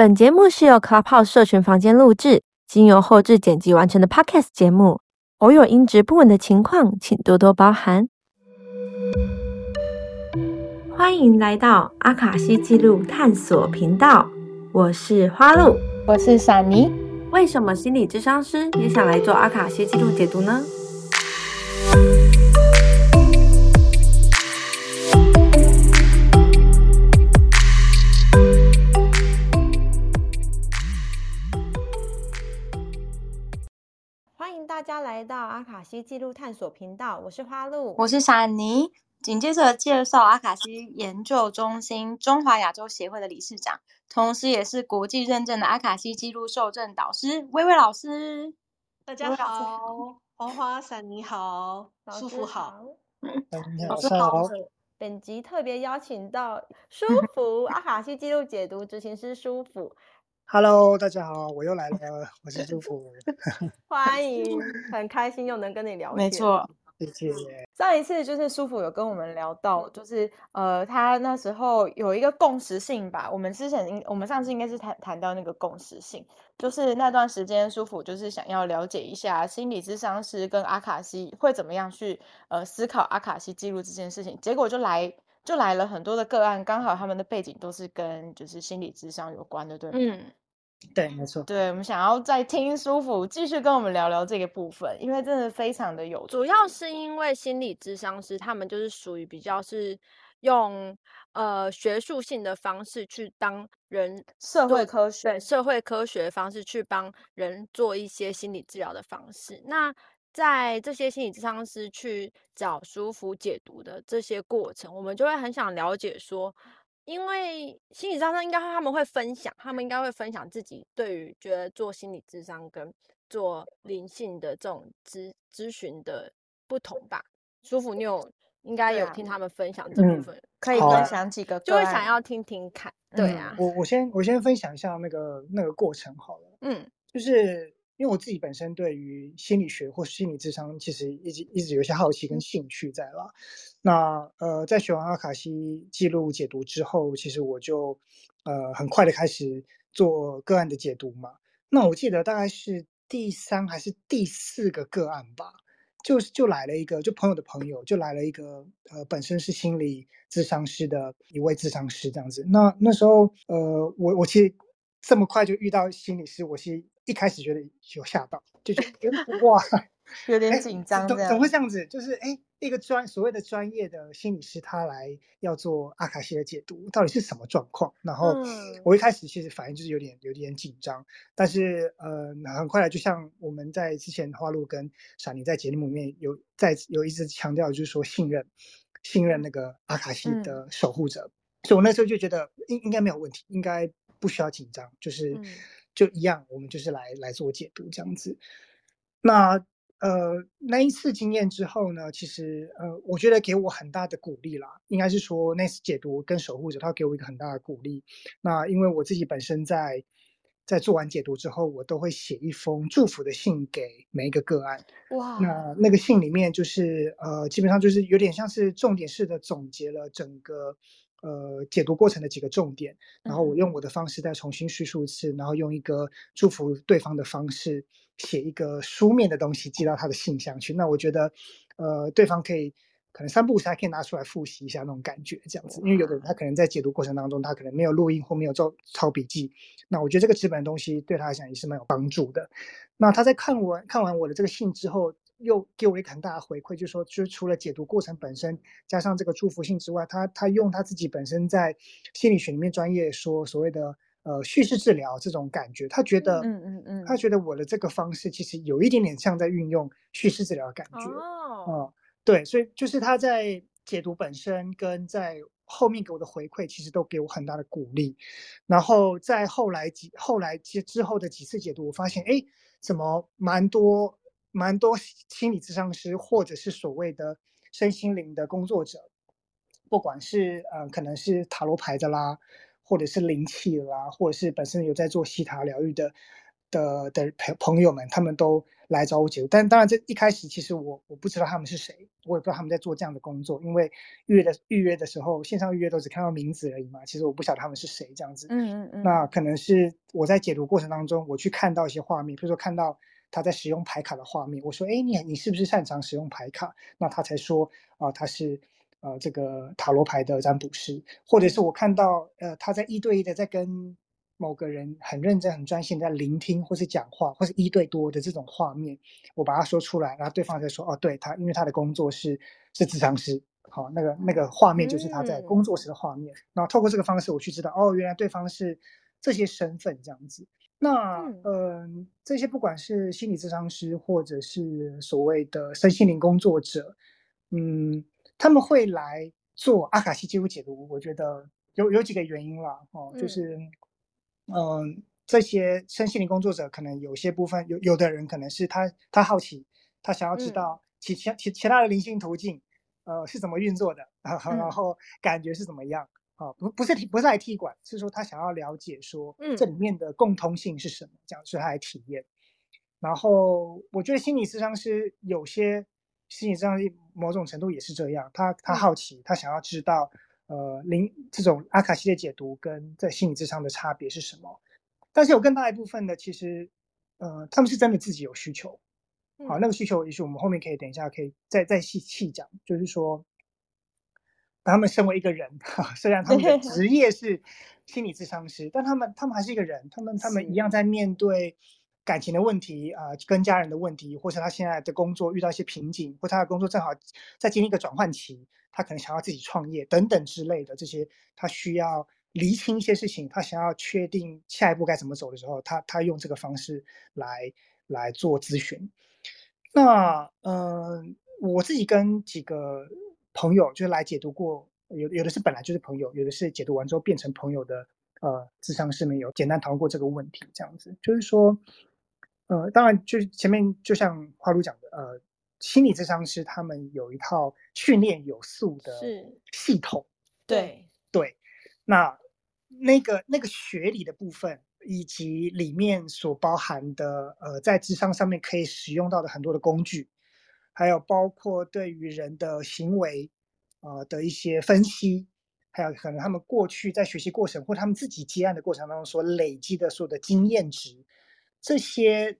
本節目是由 Clubhouse 社群房間錄製，經由後製剪輯完成的 podcast 節目。偶有音質不穩的情況，請多多包涵。歡迎來到阿卡西記錄探索頻道，我是花露，我是閃妮。為什麼心理諮商師也想來做阿卡西記錄解讀呢？大家來到阿卡西記錄探索頻道，我是花露，我是閃妮。緊接着介紹阿卡西研究中心中華亞洲協會的理事長，同時也是國際認證的阿卡西記錄授證導師，薇薇老師。大家好，花花閃妮好，書甫好，老師好。本集特別邀請到書甫 阿卡西記錄解讀執行師書甫。Hello，大家好，我又來了，我是書甫， 歡迎，很開心又能跟你聊，沒錯，謝謝。上一次就是書甫有跟我們聊到，就是呃，他那時候有一個共時性吧，我們之前應我們上次應該是談談到那個共時性，就是那段時間書甫，就是想要了解一下心理諮商師跟阿卡西會怎麼樣去呃思考阿卡西記錄這件事情，結果就來。就來了很多的個案，剛好他們的背景都是跟就是心理諮商有關的。對，嗯，對，沒錯，對，我們想要再聽書甫繼續跟我們聊聊這個部分，因為真的非常的有趣，主要是因為心理諮商師他們就是屬於比較是用呃學術性的方式去當人社會科學，對社會科學方式去幫人做一些心理治療的方式，那。在這些心理諮商師去找書甫解讀的這些過程，我們就會很想了解說，因為心理諮商，商應該他們會分享，他們應該會分享自己對於覺得做心理諮商跟做靈性的這種諮諮詢的不同吧？書甫，你有應該有聽他們分享這部分，啊嗯、可以分享幾個，就會想要聽聽看。嗯、對啊，我我先我先分享一下那個那個過程好了，嗯，就是。因為我自己本身對於心理學或心理諮商，其實一直一直有些好奇跟興趣在啦。那呃，在學完阿卡西記錄解讀之後，其實我就呃很快的開始做個案的解讀嘛。那我記得大概是第三還是第四個個案吧，就就來了一個，就朋友的朋友就來了一個呃，本身是心理諮商師的一位諮商師這樣子。那那時候呃，我我其實這麼快就遇到心理師，我其實，一開始覺得有嚇到，就覺得哇， 有點緊張。怎怎麼會這樣子？就是哎、欸，一個專所謂的專業的心理師，他來要做阿卡西的解讀，到底是什麼狀況？然後我一開始其實反應就是有點、嗯、有點緊張，但是呃，很快來就像我們在之前花路跟閃妮、嗯、在節目裡面有再次有一直強調，就是說信任，信任那個阿卡西的守護者。嗯、所以，我那時候就覺得應應該沒有問題，應該不需要緊張，就是。嗯就一樣，我們就是來來做解讀這樣子。那呃，那一次經驗之後呢，其實呃，我覺得給我很大的鼓勵啦。應該是說那次解讀跟守護者，他給我一個很大的鼓勵。那因為我自己本身在在做完解讀之後，我都會寫一封祝福的信給每一個個案。哇 Wow.，那那個信裡面就是呃，基本上就是有點像是重點式的總結了整個。呃，解讀過程的幾個重點，然後我用我的方式再重新敘述一次，嗯、然後用一個祝福對方的方式寫一個書面的東西寄到他的信箱去。那我覺得，呃，對方可以可能三不五時，他可以拿出來複習一下那種感覺，這樣子。因為有的人他可能在解讀過程當中他可能沒有錄音或沒有做抄筆記，那我覺得這個紙本的東西對他來講也是蠻有幫助的。那他在看完看完我的這個信之後，又給我一個很大的回饋，就是說，就除了解讀過程本身，加上這個祝福性之外，他他用他自己本身在心理學裡面專業說所謂的呃敘事治療這種感覺，他覺得，嗯嗯嗯，嗯他覺得我的這個方式其實有一點點像在運用敘事治療的感覺，哦，嗯，對，所以就是他在解讀本身跟在後面給我的回饋，其實都給我很大的鼓勵。然後在後來幾後來其之後的幾次解讀，我發現哎，怎麼蠻多。蠻多心理諮商師，或者是所謂的身心靈的工作者，不管是、呃、可能是塔羅牌的啦，或者是靈氣啦，或者是本身有在做西塔療癒的的的朋朋友們，他們都來找我解讀。但當然，這一開始其實我我不知道他們是誰，我也不知道他們在做這樣的工作，因為預約的預約的時候，線上預約都只看到名字而已嘛。其實我不曉得他們是誰這樣子。嗯嗯嗯。那可能是我在解讀過程當中，我去看到一些畫面，比如說看到。他在使用牌卡的畫面，我說：“哎，你你是不是擅長使用牌卡？”那他才說：“啊、呃，他是呃這個塔羅牌的占卜師，或者是我看到呃他在一對一的在跟某個人很認真、很專心在聆聽，或是講話，或是一對多的這種畫面，我把他說出來，然後對方才說：‘哦，對他，因為他的工作是是諮商師。哦’好，那個那個畫面就是他在工作時的畫面。嗯、然後透過這個方式，我去知道哦，原來對方是這些身份這樣子。”那嗯、呃，這些不管是心理諮商師或者是所謂的身心靈工作者，嗯，他們會來做阿卡西記錄解讀，我覺得有有幾個原因啦哦，就是嗯、呃，這些身心靈工作者可能有些部分有有的人可能是他他好奇，他想要知道其，嗯、其其其他的靈性途徑，呃是怎麼運作的，然後感覺是怎麼樣。嗯啊，不是不是踢不是來踢館，是說他想要了解說，嗯，這裡面的共通性是什麼，嗯、這樣是他來體驗。然後我覺得心理諮商師有些心理諮商某種程度也是這樣，他他好奇，嗯、他想要知道，呃，靈這種阿卡西的解讀跟在心理諮商的差別是什麼。但是有更大一部分的，其實，呃他們是真的自己有需求。好，嗯、那個需求也是我們後面可以等一下可以再再細細講，就是說。把他們身為一個人，雖然他們的職業是心理諮商師， 但他們他們還是一個人，他們他們一樣在面對感情的問題啊、呃，跟家人的問題，或者他現在的工作遇到一些瓶頸，或者他的工作正好在經歷一個轉換期，他可能想要自己創業等等之類的，這些他需要釐清一些事情，他想要確定下一步該怎麼走的時候，他他用這個方式來來做諮詢。那嗯、呃，我自己跟幾個。朋友就是來解讀過，有有的是本來就是朋友，有的是解讀完之後變成朋友的。呃，諮商師沒有簡單討論過這個問題，這樣子就是說，呃，當然就是前面就像花露講的，呃，心理諮商師他們有一套訓練有素的系統。對對，那那個那個學理的部分，以及裡面所包含的呃，在諮商上面可以使用到的很多的工具。還有包括對於人的行為，啊、呃、的一些分析，還有可能他們過去在學習過程或他們自己接案的過程當中所累積的所有的經驗值，這些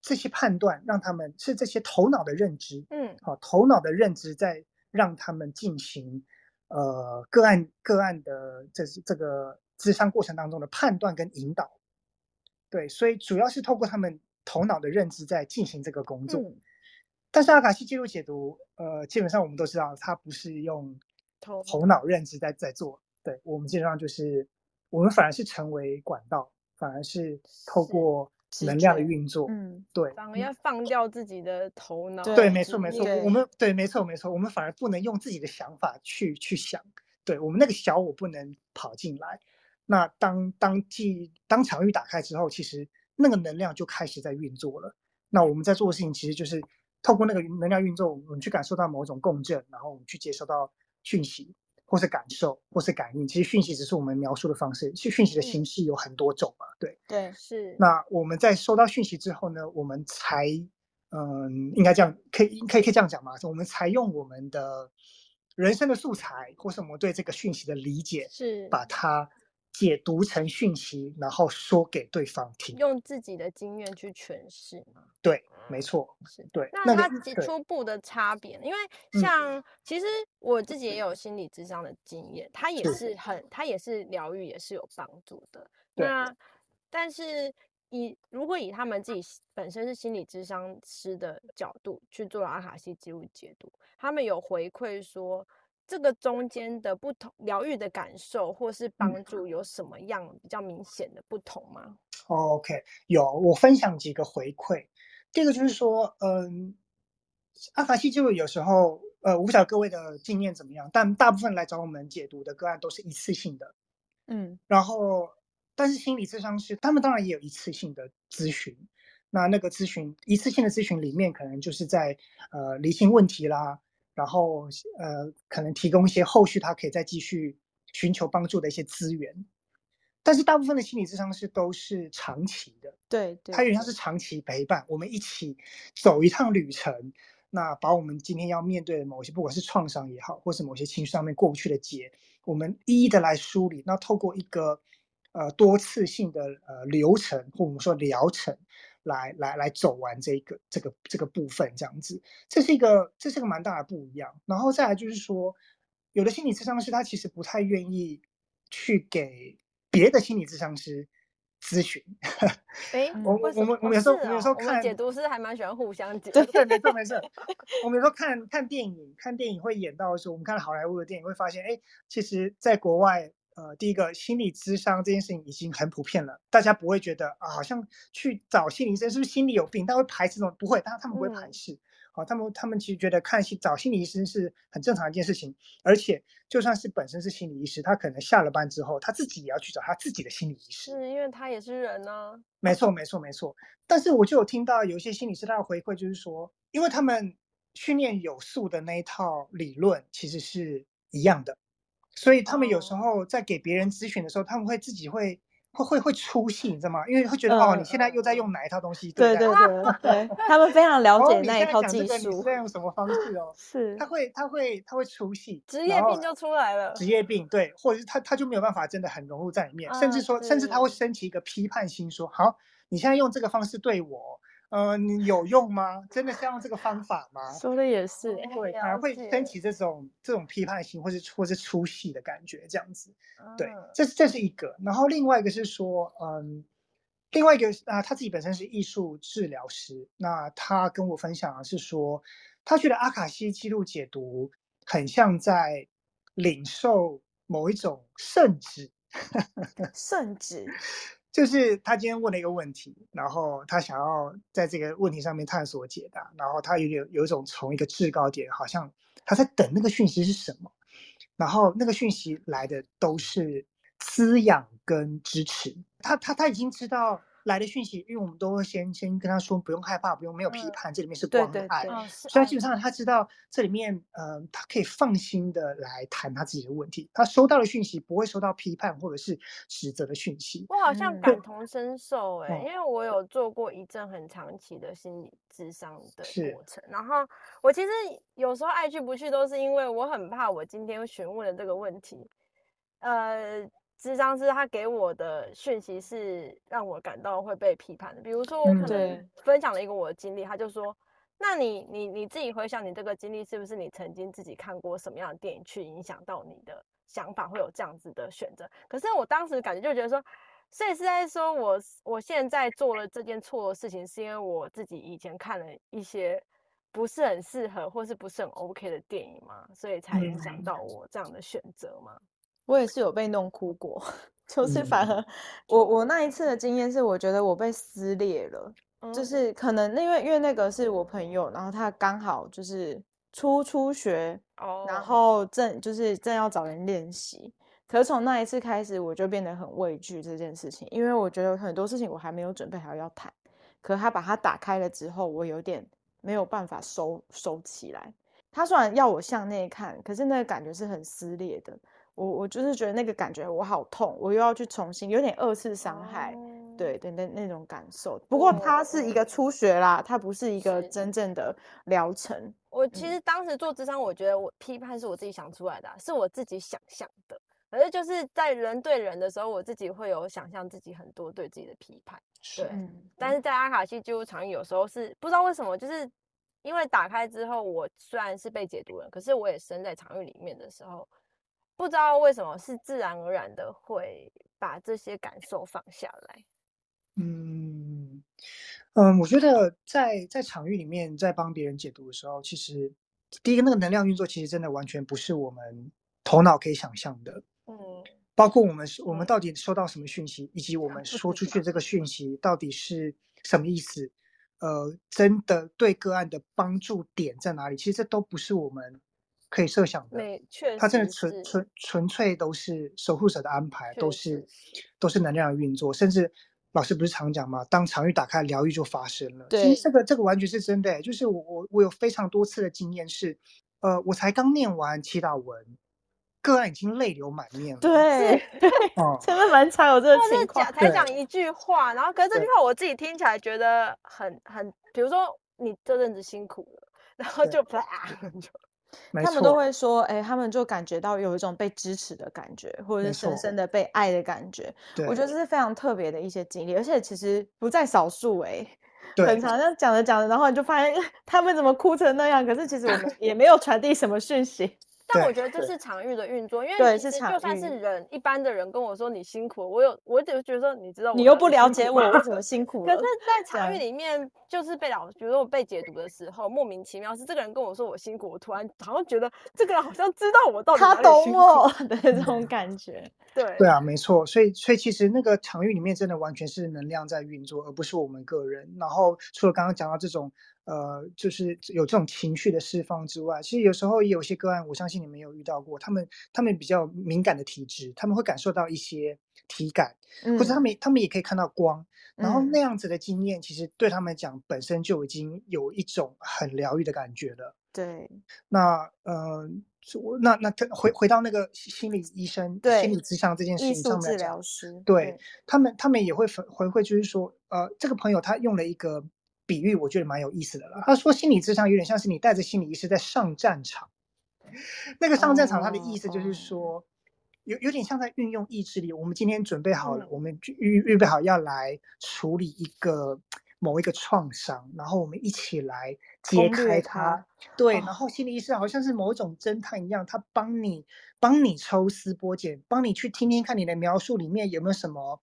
這些判斷讓他們是這些頭腦的認知，嗯，好、哦，頭腦的認知在讓他們進行，呃個案個案的這這個諮商過程當中的判斷跟引導，對，所以主要是透過他們頭腦的認知在進行這個工作。嗯但是阿卡西記錄解讀，呃，基本上我們都知道，它不是用頭腦認知在在做，對，我們基本上就是，我們反而是成為管道，反而是透過能量的運作，嗯，對，反而要放掉自己的頭腦，對，沒錯沒錯，我們對，沒錯沒錯，我們反而不能用自己的想法去去想，對，我們那個小我不能跑進來，那當當記當場域打開之後，其實那個能量就開始在運作了，那我們在做的事情其實就是。透過那個能量運作，我們去感受到某種共振，然後我們去接收到訊息，或是感受，或是感應。其實訊息只是我們描述的方式，訊息的形式有很多種嘛。嗯、對，對，是。那我們在收到訊息之後呢，我們才嗯，應該這樣，可以，可以，可以這樣講嘛。我們才用我們的人生的素材，或是我們對這個訊息的理解，是把它。解讀成訊息，然後說給對方聽，用自己的經驗去詮釋，對，沒錯，是的對。那個、那他自己初步的差別，對因為像、嗯、其實我自己也有心理智商心理諮商的經驗，他也是很，是的他也是療癒，也是有幫助的。對那但是以如果以他們自己本身是心理諮商師的角度、嗯、去做阿卡西記錄解讀，他們有回饋說。這個中間的不同療癒的感受，或是幫助，有什麼樣比較明顯的不同嗎？OK，有，我分享幾個回饋。第一個就是說，嗯，阿卡西就，有時候，呃，我不知道各位的經驗怎麼樣？但大部分來找我們解讀的個案都是一次性的。嗯，然後，但是心理諮商師他們當然也有一次性的諮詢，那那個諮詢一次性的諮詢裡面，可能就是在呃理性問題啦。然後，呃，可能提供一些後續他可以再繼續尋求幫助的一些資源。但是，大部分的心理諮商師都是長期的，對，對它，有點像是長期陪伴，我們一起走一趟旅程。那把我們今天要面對的某些，不管是創傷也好，或是某些情緒上面過不去的結，我們一一的來梳理。那透過一個呃多次性的呃流程，或我們說療程。來來來走完這一個這個這個部分這樣子，這是一個這是一個蠻大的不一樣。然後再來就是說，有的心理諮商師他其實不太願意去給別的心理諮商師諮詢。哎誒， 我我們我們有時候、啊、有時候看解讀師還蠻喜歡互相解讀。對對對，沒事。 我們有時候看看電影，看電影會演到的時候，我們看好萊塢的電影會發現，哎，其實，在國外。呃，第一個心理諮商這件事情已經很普遍了，大家不會覺得啊，好像去找心理醫生是不是心理有病？他會排斥這種，不會，但他們不會排斥，嗯、啊，他們他們其實覺得看心找心理醫生是很正常的一件事情，而且就算是本身是心理醫師，他可能下了班之後，他自己也要去找他自己的心理醫師，是因為他也是人呢、啊。沒錯，沒錯，沒錯。但是我就有聽到有一些心理師他的回饋，就是說，因為他們訓練有素的那一套理論其實是一樣的。所以他們有時候在給別人諮詢的時候，oh. 他們會自己會會會會出戲，你知道嗎？因為會覺得、嗯、哦，你現在又在用哪一套東西，嗯、對對、啊、對？他們非常了解那一套技術，你現在講、這個、你在用什麼方式哦？是，他會他會他會出戲，職業病就出來了。職業病對，或者是他他就沒有辦法真的很融入在裡面，啊、甚至說，是甚至他會升起一個批判心說，說好，你現在用這個方式對我。嗯，你有用嗎？真的是用這個方法嗎？ 說的也是，嗯、對，反而解會升起這種這種批判性，或是或是出戲的感覺，這樣子。對，嗯、這是這是一個。然後另外一個是說，嗯，另外一個，啊，他自己本身是藝術治療師，那他跟我分享的是說，他覺得阿卡西記錄解讀很像在領受某一種聖旨，聖 旨。就是他今天問了一個問題，然後他想要在這個問題上面探索解答，然後他有有有一種從一個制高點，好像他在等那個訊息是什麼，然後那個訊息來的都是滋養跟支持，他他他已經知道。來的訊息，因為我們都先先跟他說不用害怕，不用、嗯、沒有批判，這裡面是光的愛，所以基本上他知道這裡面，呃，他可以放心的來談他自己的問題。他收到的訊息不會收到批判或者是指責的訊息。我好像感同身受哎、欸，嗯、因為我有做過一陣很長期的心理諮商的過程，是然後我其實有時候愛去不去都是因為我很怕我今天詢問了這個問題，呃。諮商師他給我的訊息是讓我感到會被批判的，比如說我可能分享了一個我的經歷，嗯、他就說，那你你你自己回想你這個經歷，是不是你曾經自己看過什麼樣的電影去影響到你的想法，會有這樣子的選擇？可是我當時感覺就覺得說，所以是在說我我現在做了這件錯的事情，是因為我自己以前看了一些不是很適合或是不是很 OK 的電影嘛，所以才影響到我這樣的選擇嗎？嗯我也是有被弄哭過，就是反而我、嗯、我，我那一次的經驗是，我覺得我被撕裂了，嗯、就是可能那因為因為那個是我朋友，然後他剛好就是初初學，哦、然後正就是正要找人練習。可從那一次開始，我就變得很畏懼這件事情，因為我覺得很多事情我還沒有準備好要談。可他把它打開了之後，我有點沒有辦法收收起來。他雖然要我向內看，可是那個感覺是很撕裂的。我我就是覺得那個感覺我好痛，我又要去重新有點二次傷害，oh. 對對那那種感受。不過它是一個初學啦，它、oh. 不是一個真正的療程的。我其實當時做諮商，我覺得我批判是我自己想出來的、啊，是我自己想象的。可是就是在人對人的時候，我自己會有想象自己很多對自己的批判。是的對，但是在阿卡西紀錄場域有時候是不知道為什麼，就是因為打開之後，我雖然是被解讀了，可是我也生在場域裡面的時候。不知道為什麼是自然而然的會把這些感受放下來。嗯嗯，我覺得在在場域裡面，在幫別人解讀的時候，其實第一個那個能量運作，其實真的完全不是我們頭腦可以想象的。嗯，包括我們我們到底收到什麼訊息，嗯、以及我們說出去這個訊息到底是什麼意思？ 呃，真的對個案的幫助點在哪裡？其實這都不是我們。可以設想的，他真的純純純，純粹都是守護者的安排，是都是都是能量的運作。甚至老師不是常講嘛，當場域打開，療癒就發生了。對其實這個這個完全是真的、欸，就是我我我有非常多次的經驗是，呃，我才剛念完祈禱文，個案已經淚流滿面了。對，嗯、 真的是蠻慘，有這個情況。是才講一句話，對然後可是這句話我自己聽起來覺得很對很，比如說你這陣子辛苦了，然後就啪對 他們都會說，哎錯、欸，他們就感覺到有一種被支持的感覺，或者是深深的被愛的感覺。錯我覺得這是非常特別的一些經歷，對而且其實不在少數、欸。哎對，很常這樣講着講着，然後你就發現他們怎麼哭成那樣，可是其實我們也沒有傳遞什麼訊息。 但我覺得這是場域的運作，對因為其實就算是人對一般的人跟我說，你辛苦我，我有我就覺得說你知道我，我你又不了解我，我怎麼辛苦。可是，在場域裡面，就是被老比如說我 被解讀的時候，對莫名其妙是這個人跟我說我辛苦，我突然好像覺得這個人好像知道我到底辛苦，他懂我的那種感覺。對對啊，沒錯。所以，所以其實那個場域裡面真的完全是能量在運作，而不是我們個人。然後，除了剛剛講到這種。呃，就是有這種情緒的釋放之外，其實有時候有些個案，我相信你們也有遇到過。他們他們比較敏感的體質，他們會感受到一些體感，嗯、或者他們他們也可以看到光。然後那樣子的經驗，嗯、其實對他們講本身就已經有一種很療癒的感覺了。對，那呃，我那那回回到那個心理醫生、對心理諮商這件事情上面講，藝術治療師，對，對他們他們也會回回就是說，呃，這個朋友他用了一個。比喻我覺得蠻有意思的了。他說心理諮商有點像是你帶着心理醫師在上戰場，那個上戰場他的意思就是說，有有點像在運用意志力。我們今天準備好了，我們預預備好要來處理一個某一個創傷，然後我們一起來揭開它。對，然後心理醫師好像是某種偵探一樣，他幫你幫你抽絲剝繭，幫你去聽聽看你的描述裡面有沒有什麼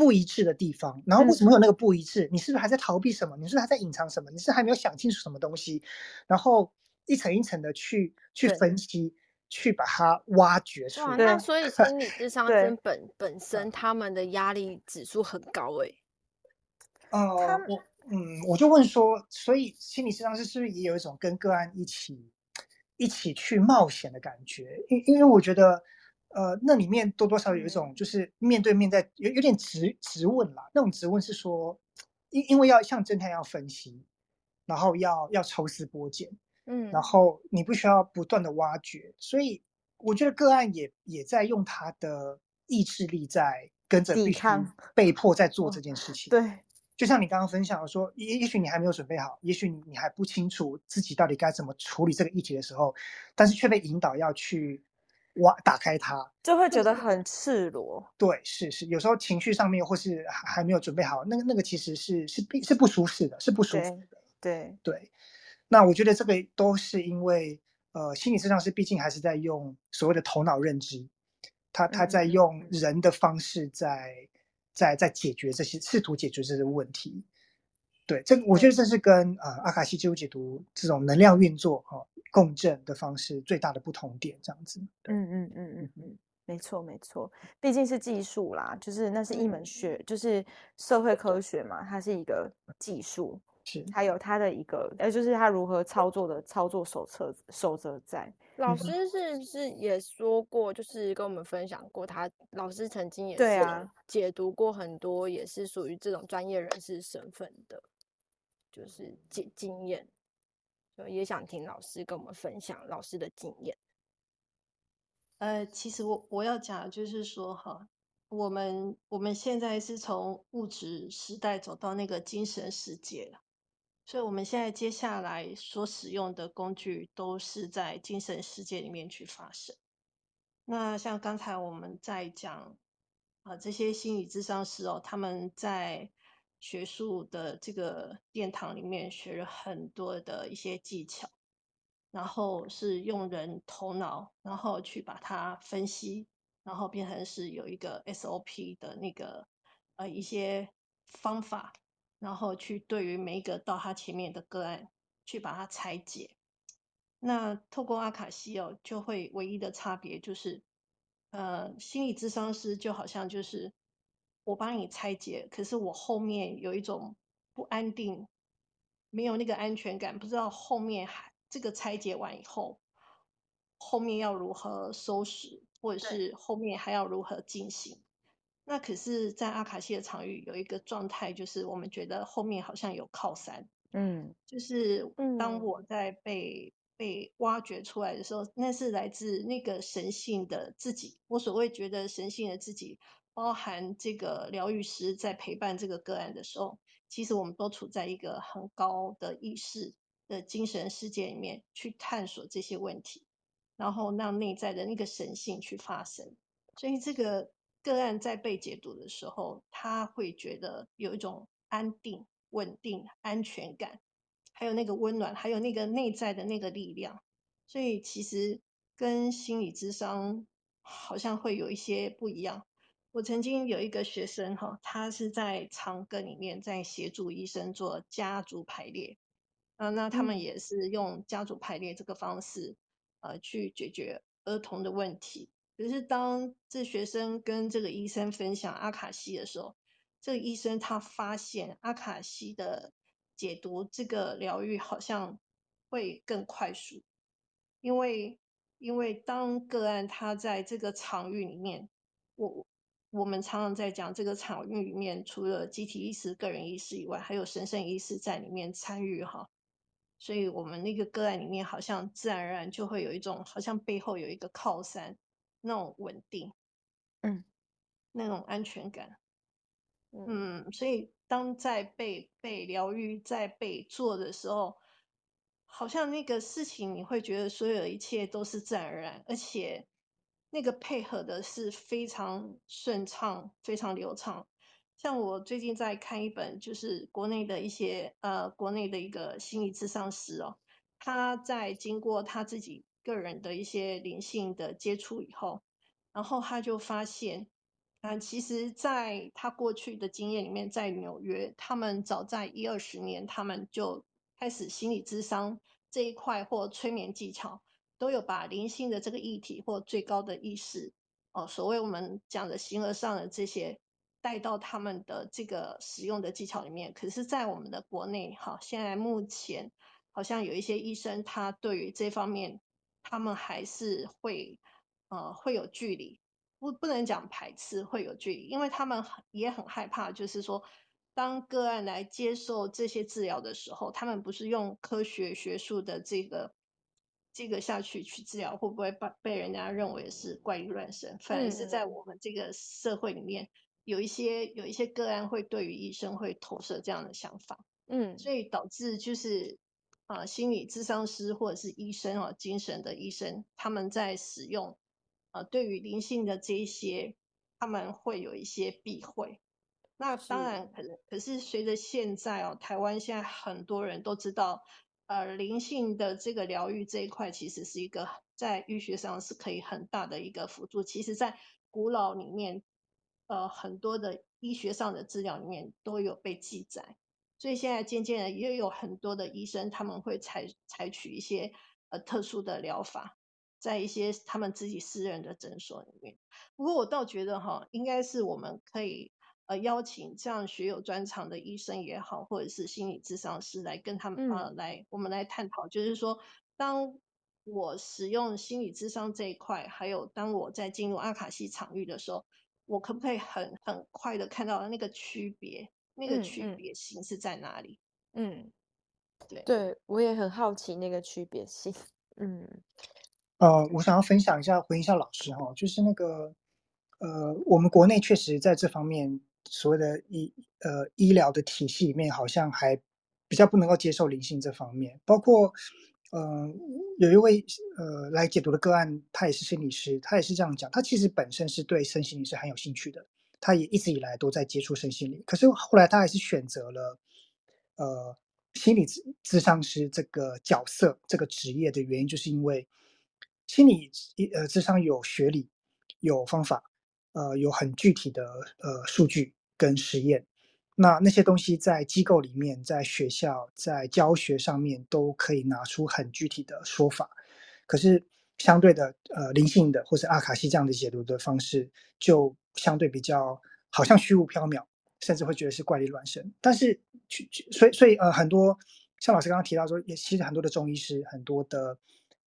不一致的地方，然後為什麼有那個不一致？嗯、你是不是還在逃避什麼？你是不是還在隱藏什麼？你是，是還沒有想清楚什麼東西？然後一層一層的去去分析，對去把它挖掘出來。那所以心理諮商師本對本身他們的壓力指數很高哎、欸。哦、呃，們我嗯，我就問說，所以心理諮商師是不是也有一種跟個案一起一起去冒險的感覺？因因為我覺得。呃，那裡面多多少少有一種，就是面對面在、嗯、有有點直直問啦，那種直問是說，因因為要像偵探要分析，然後要要抽絲剝繭，嗯，然後你不需要不斷的挖掘，所以我覺得個案也也在用他的意志力在跟着必須，被迫在做這件事情。嗯、對，就像你剛剛分享的說，也也許你還沒有準備好，也許你還不清楚自己到底該怎麼處理這個議題的時候，但是卻被引導要去。哇，打開它就會覺得很赤裸，嗯、對，是是，有時候情緒上面或是還還沒有準備好，那個那個其實是是是不舒適的，是不舒服的，對對，對。那我覺得這個都是因為呃，心理諮商師畢竟還是在用所謂的頭腦認知，他他在用人的方式在、嗯、在在解決這些，試圖解決這些問題。對，這個對我覺得這是跟啊、呃、阿卡西記錄解讀這種能量運作啊。哦共振的方式最大的不同點，這樣子嗯。嗯嗯嗯嗯嗯，嗯哼沒錯沒錯，畢竟是技術啦，就是那是一門學，嗯、就是社會科學嘛，它是一個技術，是還有它的一個，呃，就是它如何操作的操作手冊守則對在。嗯、哼老師是不是也說過，就是跟我們分享過，他老師曾經也是對、啊、解讀過很多，也是屬於這種專業人士身份的，就是經經驗。也想聽老師跟我們分享老師的經驗。呃，其實我我要講的就是說哈，我們我們現在是從物質時代走到那個精神世界了，所以我們現在接下來所使用的工具都是在精神世界裡面去發生。那像剛才我們在講啊，這些心理諮商師哦，他們在。學術的這個殿堂裡面學了很多的一些技巧，然後是用人頭腦，然後去把它分析，然後變成是有一個 SOP 的那個呃一些方法，然後去對於每一個到他前面的個案去把它拆解。那透過阿卡西哦，就會唯一的差別就是，呃，心理諮商師就好像就是。我幫你拆解，可是我後面有一種不安定，沒有那個安全感，不知道後面還這個拆解完以後，後面要如何收拾，或者是後面還要如何進行？對那可是，在阿卡西的場域有一個狀態，就是我們覺得後面好像有靠山，嗯，就是當我在被、嗯、被挖掘出來的時候，那是來自那個神性的自己。我所謂覺得神性的自己。包含這個療癒師在陪伴這個個案的時候，其實我們都處在一個很高的意識的精神世界裡面去探索這些問題，然後讓內在的那個神性去發生。所以這個個案在被解讀的時候，他會覺得有一種安定、穩定、安全感，還有那個溫暖，還有那個內在的那個力量。所以其實跟心理諮商好像會有一些不一樣。我曾經有一個學生、哦，哈，他是在長庚裡面在協助醫生做家族排列，啊，那他們也是用家族排列這個方式，嗯、呃，去解決兒童的問題。可是當這學生跟這個醫生分享阿卡西的時候，這個醫生他發現阿卡西的解讀這個療癒好像會更快速，因為因為當個案他在這個場域裡面，我。我們常常在講這個場域裡面，除了集體意識、個人意識以外，還有神聖意識在裡面參與哈。所以，我們那個個案裡面好像自然而然就會有一種，好像背後有一個靠山那種穩定，嗯，那種安全感。嗯，嗯，所以當在被被療癒、在被做的時候，好像那個事情你會覺得所有的一切都是自然而然，而且。那個配合的是非常順暢，非常流暢。像我最近在看一本，就是國內的一些呃，國內的一個心理諮商師哦，他在經過他自己個人的一些靈性的接觸以後，然後他就發現，啊、呃，其實在他過去的經驗裡面，在紐約，他們早在一二十年，他們就開始心理諮商這一塊或催眠技巧。都有把靈性的這個議題或最高的意識，哦，所謂我們講的形而上的這些，帶到他們的這個使用的技巧裡面。可是，在我們的國內，哈、哦，現在目前好像有一些醫生，他對於這方面，他們還是會，呃，會有距離，不，不能講排斥，會有距離，因為他們也很害怕，就是說，當個案來接受這些治療的時候，他們不是用科學學術的這個。這個下去去治療會不會被被人家認為是怪力亂神？反而是在我們這個社會裡面，有一些、嗯、有一些個案會對於醫生會投射這樣的想法，嗯，所以導致就是啊、嗯呃，心理諮商師或者是醫生啊，精神的醫生，他們在使用啊、呃，對於靈性的這些，他們會有一些避諱。那當然可是是的可是隨着現在哦，台灣現在很多人都知道。呃，靈性的這個療癒這一塊，其實是一個在醫學上是可以很大的一個輔助。其實，在古老裡面，呃，很多的醫學上的資料裡面都有被記載。所以現在漸漸的，也有很多的醫生他們會採採取一些呃特殊的療法，在一些他們自己私人的診所裡面。不過我倒覺得哈、哦，應該是我們可以。呃，邀請這樣學有專長的醫生也好，或者是心理諮商師來跟他們啊。來，嗯、我們來探討，就是說，當我使用心理諮商這一塊，還有當我在進入阿卡西場域的時候，我可不可以很很快的看到那個區別？那個區別性是在哪裡？嗯，嗯對對，我也很好奇那個區別性。嗯，呃、嗯，我想要分享一下，回應一下老師哈，就是那個呃，我們國內確實在這方面。所謂的醫呃醫療的體系裡面，好像還比較不能夠接受靈性這方面。包括，嗯、呃，有一位呃來解讀的個案，他也是心理師，他也是這樣講。他其實本身是對身心靈是很有興趣的，他也一直以來都在接觸身心靈。可是後來他還是選擇了呃心理諮諮商師這個角色這個職業的原因，就是因為心理呃諮商有學理，有方法。呃，有很具體的呃數據跟實驗，那那些東西在機構裡面、在學校、在教學上面都可以拿出很具體的說法。可是相對的，呃，靈性的或是阿卡西這樣的解讀的方式，就相對比較好像虛無縹緲，甚至會覺得是怪力亂神。但是，所以所以呃，很多像老師剛剛提到說，也其實很多的中醫師，很多的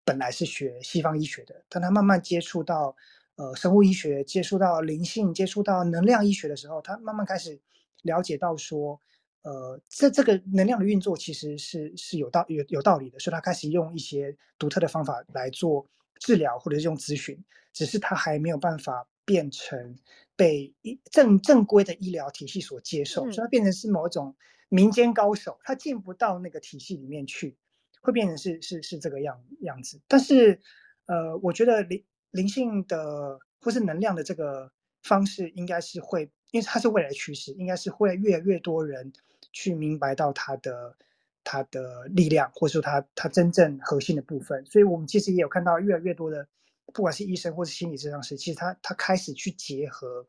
本來是學西方醫學的，但他慢慢接觸到。呃，生物醫學接觸到靈性，接觸到能量醫學的時候，他慢慢開始了解到說，呃，這這個能量的運作其實是是有道有有道理的，所以他開始用一些獨特的方法來做治療或者是用諮詢，只是他還沒有辦法變成被正正規的醫療體系所接受，嗯。所以他變成是某一種民間高手，他進不到那個體系裡面去，會變成是是是這個樣樣子。但是，呃，我覺得靈。靈性的或是能量的這個方式，應該是會，因為它是未來的趨勢，應該是會越來越多人去明白到它的它的力量，或者說它它真正核心的部分。所以，我們其實也有看到越來越多的，不管是醫生或是心理治療師，其實他他開始去結合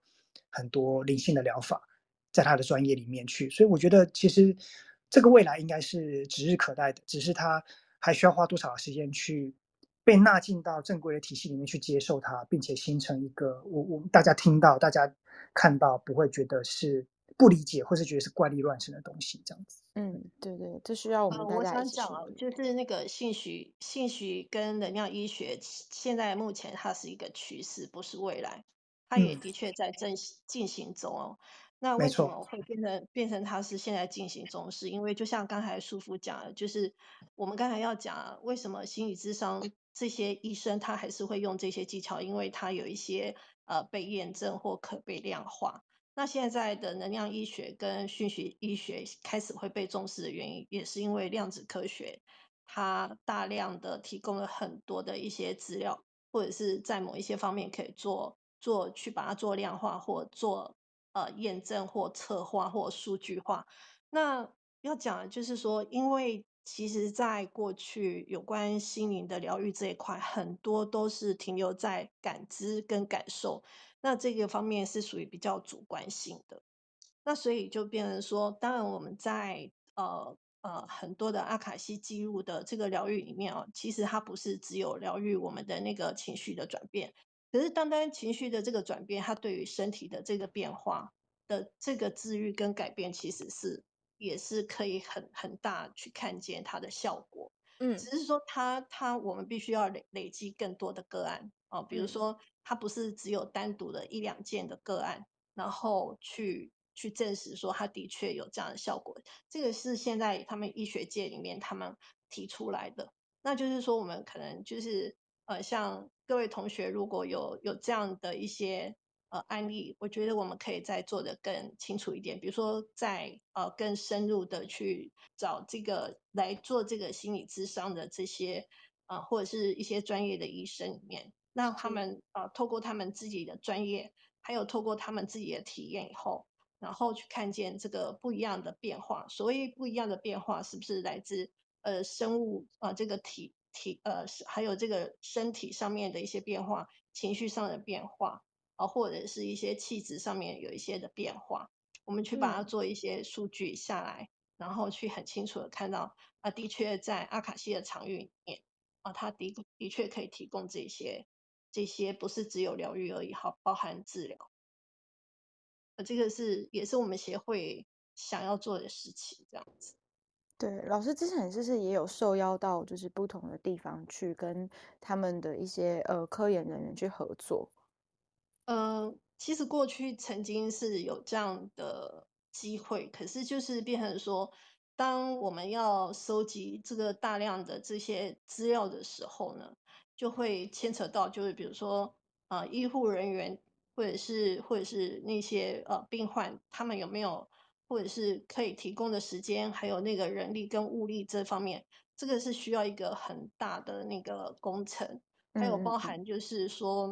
很多靈性的療法，在他的專業裡面去。所以，我覺得其實這個未來應該是指日可待的，只是他還需要花多少時間去。被納進到正規的體系裡面去接受它，並且形成一個我我，大家聽到大家看到不會覺得是不理解，或是覺得是怪力亂神的東西這樣子。嗯，對對，對，這需要我們、嗯、我想講，就是那個興趣興趣跟能量醫學，現在目前它是一個趨勢，不是未來。它也的確在正進行中哦。那為什麼會變成錯變成它是現在進行中？是因為就像剛才書甫講的，就是我們剛才要講為什麼心理諮商。這些醫生他還是會用這些技巧，因為他有一些呃被驗證或可被量化。那現在的能量醫學跟訊息醫學開始會被重視的原因，也是因為量子科學它大量的提供了很多的一些資料，或者是在某一些方面可以做做去把它做量化或做呃驗證或策劃或數據化。那要講的就是說，因為。其實在過去有關心靈的療癒這一塊，很多都是停留在感知跟感受，那這個方面是屬於比較主觀性的。那所以就變成說，當然我們在呃呃很多的阿卡西記錄的這個療癒裡面哦，其實它不是只有療癒我們的那個情緒的轉變，可是單單情緒的這個轉變，它對於身體的這個變化的這個治癒跟改變，其實是。也是可以很很大去看見它的效果，嗯，只是說它它我們必須要累累積更多的個案啊，哦，比如說它不是只有單獨的一兩件的個案，嗯，然後去去證實說它的確有這樣的效果，這個是現在他們醫學界裡面他們提出來的，那就是說我們可能就是呃，像各位同學如果有有這樣的一些。呃，案例我覺得我們可以再做得更清楚一點，比如說在呃更深入的去找這個來做這個心理諮商的這些啊、呃，或者是一些專業的醫生裡面，讓他們啊、呃、透過他們自己的專業，還有透過他們自己的體驗以後，然後去看見這個不一樣的變化。所謂不一樣的變化，是不是來自呃生物啊、呃、這個體體呃還有這個身體上面的一些變化，情緒上的變化？或者是一些氣質上面有一些的變化，我們去把它做一些數據下來，嗯、然後去很清楚的看到啊，的確在阿卡西的場域裡面啊，它的的確可以提供這些，這些不是只有療癒而已，好，包含治療。啊，這個是也是我們協會想要做的事情，這樣子。對，老師之前就是也有受邀到就是不同的地方去跟他們的一些呃科研人員去合作。呃，其實過去曾經是有這樣的機會，可是就是變成說，當我們要收集這個大量的這些資料的時候呢，就會牽扯到，就是比如說啊、呃，醫護人員或者是或者是那些呃病患，他們有沒有或者是可以提供的時間，還有那個人力跟物力這方面，這個是需要一個很大的那個工程，還有包含就是說，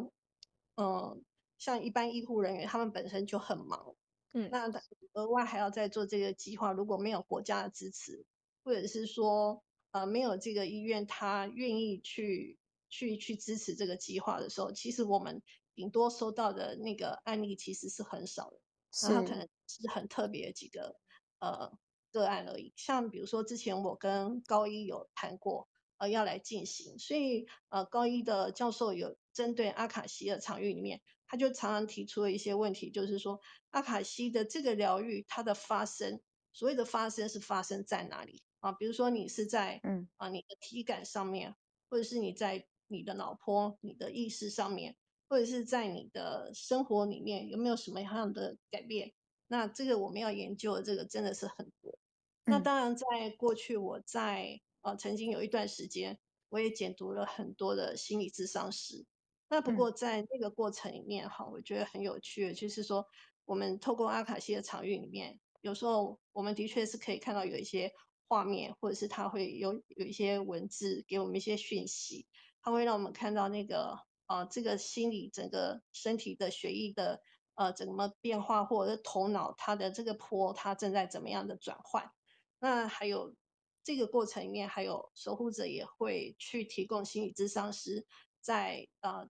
嗯。嗯呃像一般醫護人員，他們本身就很忙，嗯，那他額外還要再做這個計劃。如果沒有國家的支持，或者是說，呃，沒有這個醫院他願意去去去支持這個計劃的時候，其實我們頂多收到的那個案例其實是很少的，那他是可能是很特別的幾個呃個案而已。像比如說之前我跟高一有談過，呃，要來進行，所以呃，高一的教授有針對阿卡西的場域裡面。他就常常提出了一些問題，就是說阿卡西的這個療癒，它的發生，所謂的發生是發生在哪裡啊？比如說你是在嗯啊你的體感上面，或者是你在你的腦波、你的意識上面，或者是在你的生活裡面有沒有什麼樣的改變？那這個我們要研究的這個真的是很多。那當然，在過去我在呃、啊、曾經有一段時間，我也解讀了很多的心理諮商師。那不過在那個過程裡面，哈，嗯、我覺得很有趣，就是說，我們透過阿卡西的場域裡面，有時候我們的確是可以看到有一些畫面，或者是它會有有一些文字給我們一些訊息，它會讓我們看到那個啊、呃，這個心理整個身體的血液的呃怎麼變化，或者是頭腦它的這個波它正在怎麼樣的轉換。那還有這個過程裡面，還有守護者也會去提供心理諮商師在啊。呃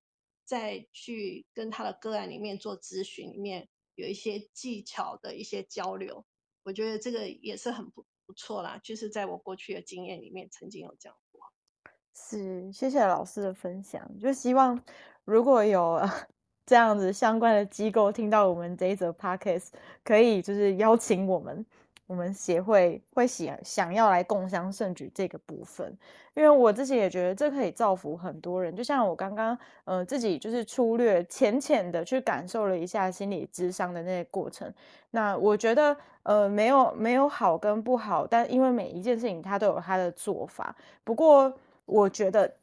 再去跟他的個案裡面做諮詢，裡面有一些技巧的一些交流，我覺得這個也是很不不錯啦。就是在我過去的經驗裡面，曾經有講過。是，謝謝老師的分享。就希望如果有這樣子相關的機構聽到我們這一則 Podcast，可以就是邀請我們。我們協會會想想要來共襄盛舉這個部分，因為我自己也覺得這可以造福很多人。就像我剛剛，呃，自己就是粗略淺淺的去感受了一下心理諮商的那些過程。那我覺得，呃，沒有沒有好跟不好，但因為每一件事情它都有它的做法。不過，我覺得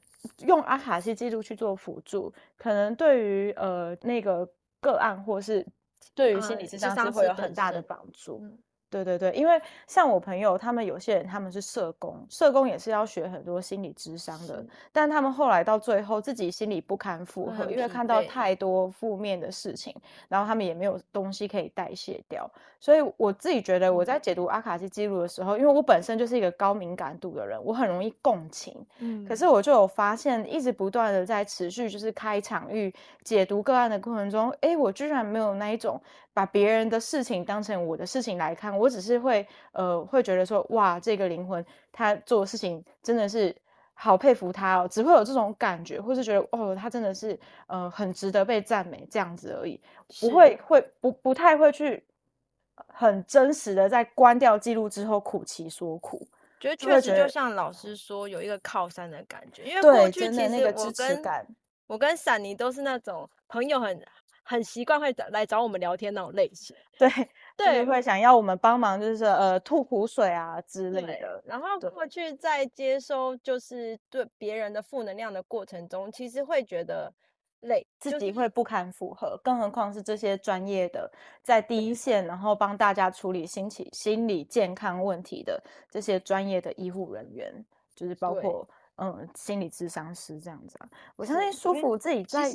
用阿卡西記錄去做輔助，可能對於呃那個個案或是對於心理諮商會有很大的幫助。嗯。嗯對對對，因為像我朋友，他們有些人他們是社工，社工也是要學很多心理諮商的，對但他們後來到最後自己心理不堪負荷，因為看到太多負面的事情，然後他們也沒有東西可以代謝掉，所以我自己覺得我在解讀阿卡西記錄的時候，嗯、因為我本身就是一個高敏感度的人，我很容易共情，嗯，可是我就有發現，一直不斷的在持續就是開場域解讀個案的過程中，誒，我居然沒有那一種。把別人的事情當成我的事情來看，我只是會呃會覺得說哇，這個靈魂他做的事情真的是好佩服他哦，只會有這種感覺，或是覺得哦，他真的是呃很值得被讚美這樣子而已，不會是會不不太會去很真實的在關掉記錄之後苦其所苦，覺得確實就像老師說有一個靠山的感覺，因為過去真的我跟那個支持感，我跟閃妮都是那種朋友很。很習慣會來找我們聊天那種類型，對對，對會想要我們幫忙，就是呃吐苦水啊之類的。然後過去在接收就是對別人的負能量的過程中，對其實會覺得累，自己會不堪負荷，就是、更何況是這些專業的在第一線，對然後幫大家處理心情心理健康問題的這些專業的醫護人員，就是包括對嗯心理諮商師這樣子、啊。是我相信書甫自己在。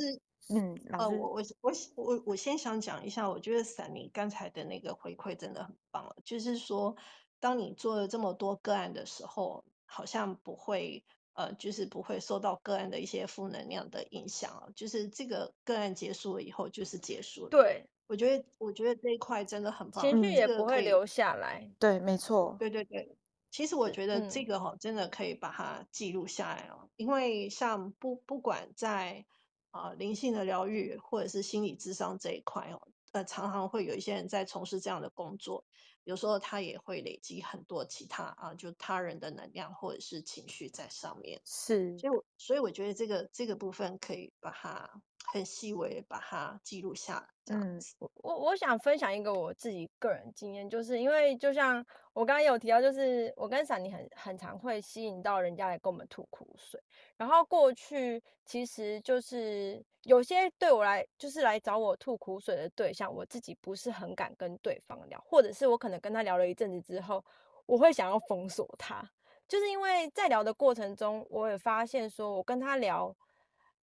嗯，然後呃，我我我我我先想講一下，我覺得閃妮剛才的那個回饋真的很棒，就是說，當你做了這麼多個案的時候，好像不會，呃，就是不會受到個案的一些負能量的影響，就是這個個案結束了以後，就是結束了。對，我覺得我覺得這一塊真的很棒，情緒其實 也不會留下來。對，沒錯，對對對。其實我覺得這個哈、喔，嗯、真的可以把它記錄下來哦、喔，因為像不不管在。啊，靈性的療癒或者是心理諮商這一塊哦，呃，常常會有一些人在從事這樣的工作，有時候他也會累積很多其他啊，就他人的能量或者是情緒在上面，是，所以我所以我覺得這個這個部分可以把它很細微，把它記錄下來。這樣子，嗯、我我想分享一個我自己個人經驗，就是因為就像我剛剛有提到，就是我跟閃妮很很常會吸引到人家來跟我們吐苦水。然後過去其實就是有些對我來就是來找我吐苦水的對象，我自己不是很敢跟對方聊，或者是我可能跟他聊了一陣子之後，我會想要封鎖他，就是因為在聊的過程中，我也發現說我跟他聊。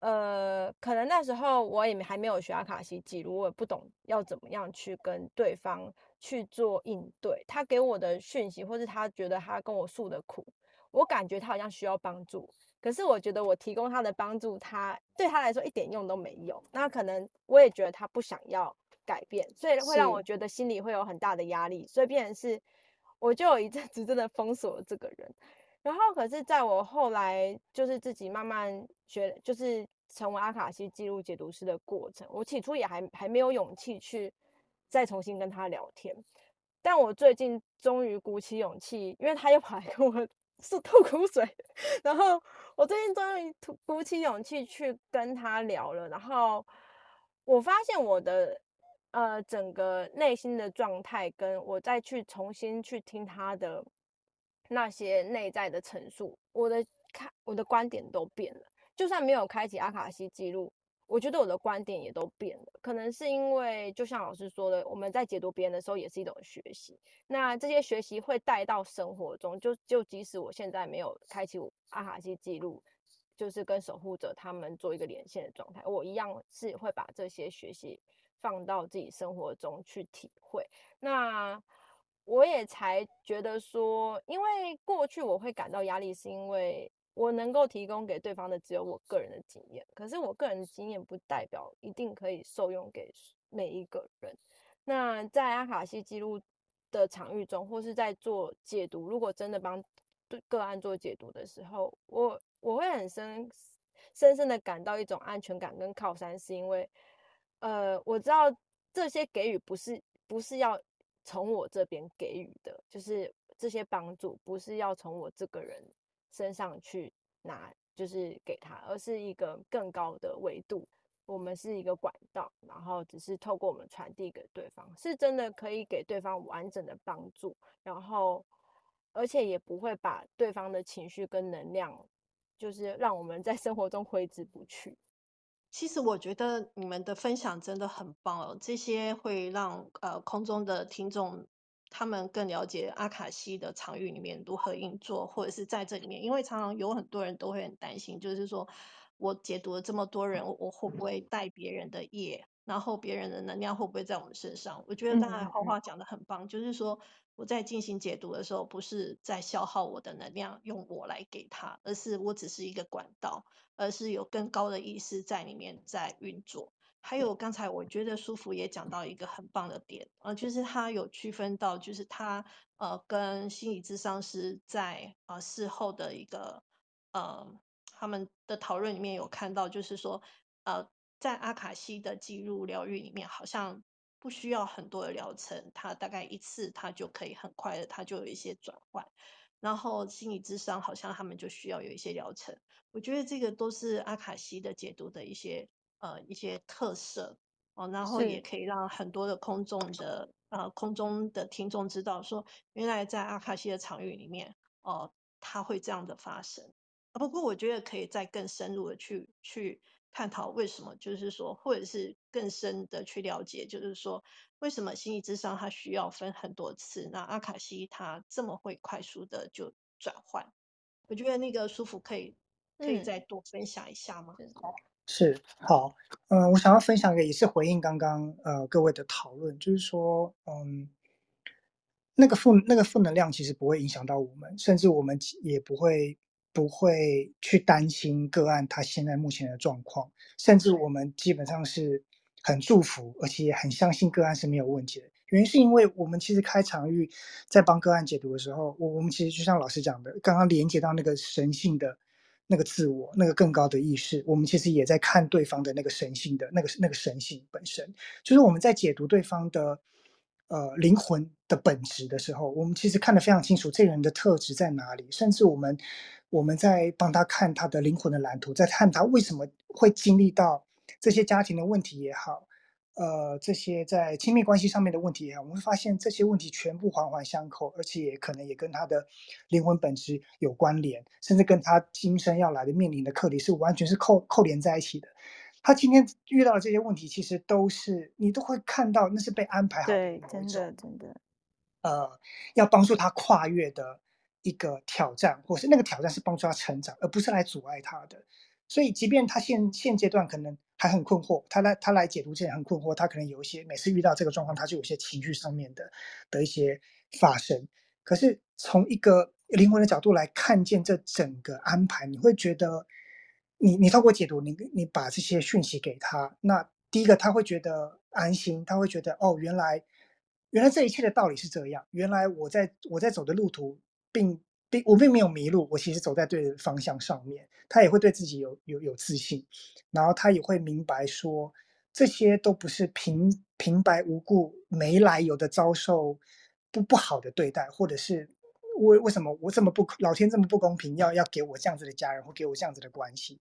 呃，可能那時候我也還沒有學阿卡西紀錄，我也不懂要怎麼樣去跟對方去做應對。他給我的訊息，或是他覺得他跟我訴的苦，我感覺他好像需要幫助，可是我覺得我提供他的幫助他，他對他來說一點用都沒有。那可能我也覺得他不想要改變，所以會讓我覺得心裡會有很大的壓力，是所以變成是，我就有一陣子真的封鎖了這個人。然後，可是在我後來就是自己慢慢學，就是成為阿卡西記錄解讀師的過程，我起初也還還沒有勇氣去再重新跟他聊天。但我最近終於鼓起勇氣，因為他又跑來跟我吐吐苦水。然後我最近終於鼓鼓起勇氣去跟他聊了。然後我發現我的呃整個內心的狀態，跟我再去重新去聽他的。那些內在的陳述，我的看我的觀點都變了。就算沒有開啟阿卡西記錄，我覺得我的觀點也都變了。可能是因為，就像老師說的，我們在解讀別人的時候，也是一種學習。那這些學習會帶到生活中，就就即使我現在沒有開啟阿卡西記錄，就是跟守護者他們做一個連線的狀態，我一樣是會把這些學習放到自己生活中去體會。那。我也才覺得說，因為過去我會感到壓力，是因為我能夠提供給對方的只有我個人的經驗。可是我個人的經驗不代表一定可以受用給每一個人。那在阿卡西記錄的場域中，或是在做解讀，如果真的幫個案做解讀的時候，我我會很深深深的感到一種安全感跟靠山，是因為，呃，我知道這些給予不是不是要。從我這邊給予的，就是這些幫助，不是要從我這個人身上去拿，就是給他，而是一個更高的維度。我們是一個管道，然後只是透過我們傳遞給對方，是真的可以給對方完整的幫助，然後而且也不會把對方的情緒跟能量，就是讓我們在生活中揮之不去。其實我覺得你們的分享真的很棒哦，這些會讓呃空中的聽眾他們更了解阿卡西的場域裡面如何運作，或者是在這裡面，因為常常有很多人都會很擔心，就是說我解讀了這麼多人，我，我會不會帶別人的業，然後別人的能量會不會在我們身上？我覺得當然花花講得很棒，嗯嗯就是說。我在進行解讀的時候，不是在消耗我的能量，用我來給他，而是我只是一個管道，而是有更高的意識在裡面在運作。還有剛才我覺得書甫也講到一個很棒的點啊、呃，就是他有區分到，就是他呃跟心理諮商師在啊、呃、事後的一個呃他們的討論裡面有看到，就是說呃在阿卡西的記錄療癒裡面，好像。不需要很多的療程，他大概一次他就可以很快的，他就有一些轉換。然後心理諮商好像他們就需要有一些療程。我覺得這個都是阿卡西的解讀的一些呃一些特色哦，然後也可以讓很多的空中的是呃空中的聽眾知道說，原來在阿卡西的場域裡面哦，他、呃、會這樣的發生、啊。不過我覺得可以再更深入的去去。探討為什麼，就是說，或者是更深的去了解，就是說，為什麼心理諮商它需要分很多次？那阿卡西他這麼會快速的就轉換？我覺得那個書甫，可以可以再多分享一下嗎？嗯、好是好，嗯，我想要分享一個，也是回應剛剛呃各位的討論，就是說，嗯，那個負那個負能量其實不會影響到我們，甚至我們也不會。不會去擔心個案他現在目前的狀況，甚至我們基本上是很祝福，而且也很相信個案是沒有問題的。原因是因為我們其實開場域，在幫個案解讀的時候，我我們其實就像老師講的，剛剛連接到那個神性的那個自我，那個更高的意識，我們其實也在看對方的那個神性的那個那個神性本身，就是我們在解讀對方的。呃，靈魂的本質的時候，我們其實看得非常清楚，這個人的特質在哪裡。甚至我們，我們在幫他看他的靈魂的藍圖，在看他為什麼會經歷到這些家庭的問題也好，呃，這些在親密關係上面的問題也好，我們會發現這些問題全部環環相扣，而且也可能也跟他的靈魂本質有關聯，甚至跟他今生要來的面臨的課題是完全是扣扣連在一起的。他今天遇到的這些問題，其實都是你都會看到，那是被安排好的。對，真的，真的。呃，要幫助他跨越的一個挑戰，或是那個挑戰是幫助他成長，而不是來阻礙他的。所以，即便他現現階段可能還很困惑，他來他來解讀也很困惑，他可能有一些每次遇到這個狀況，他就有一些情緒上面的的一些發生。可是從一個靈魂的角度來看見這整個安排，你會覺得。你你透過解讀你，你你把這些訊息給他，那第一個他會覺得安心，他會覺得哦，原來原來這一切的道理是這樣，原來我在我在走的路途並，並並我並沒有迷路，我其實走在對的方向上面，他也會對自己有有有自信，然後他也會明白說，這些都不是平平白無故、沒來由的遭受不不好的對待，或者是。為為什麼我這麼不，老天這麼不公平，要要給我這樣子的家人，或給我這樣子的關係？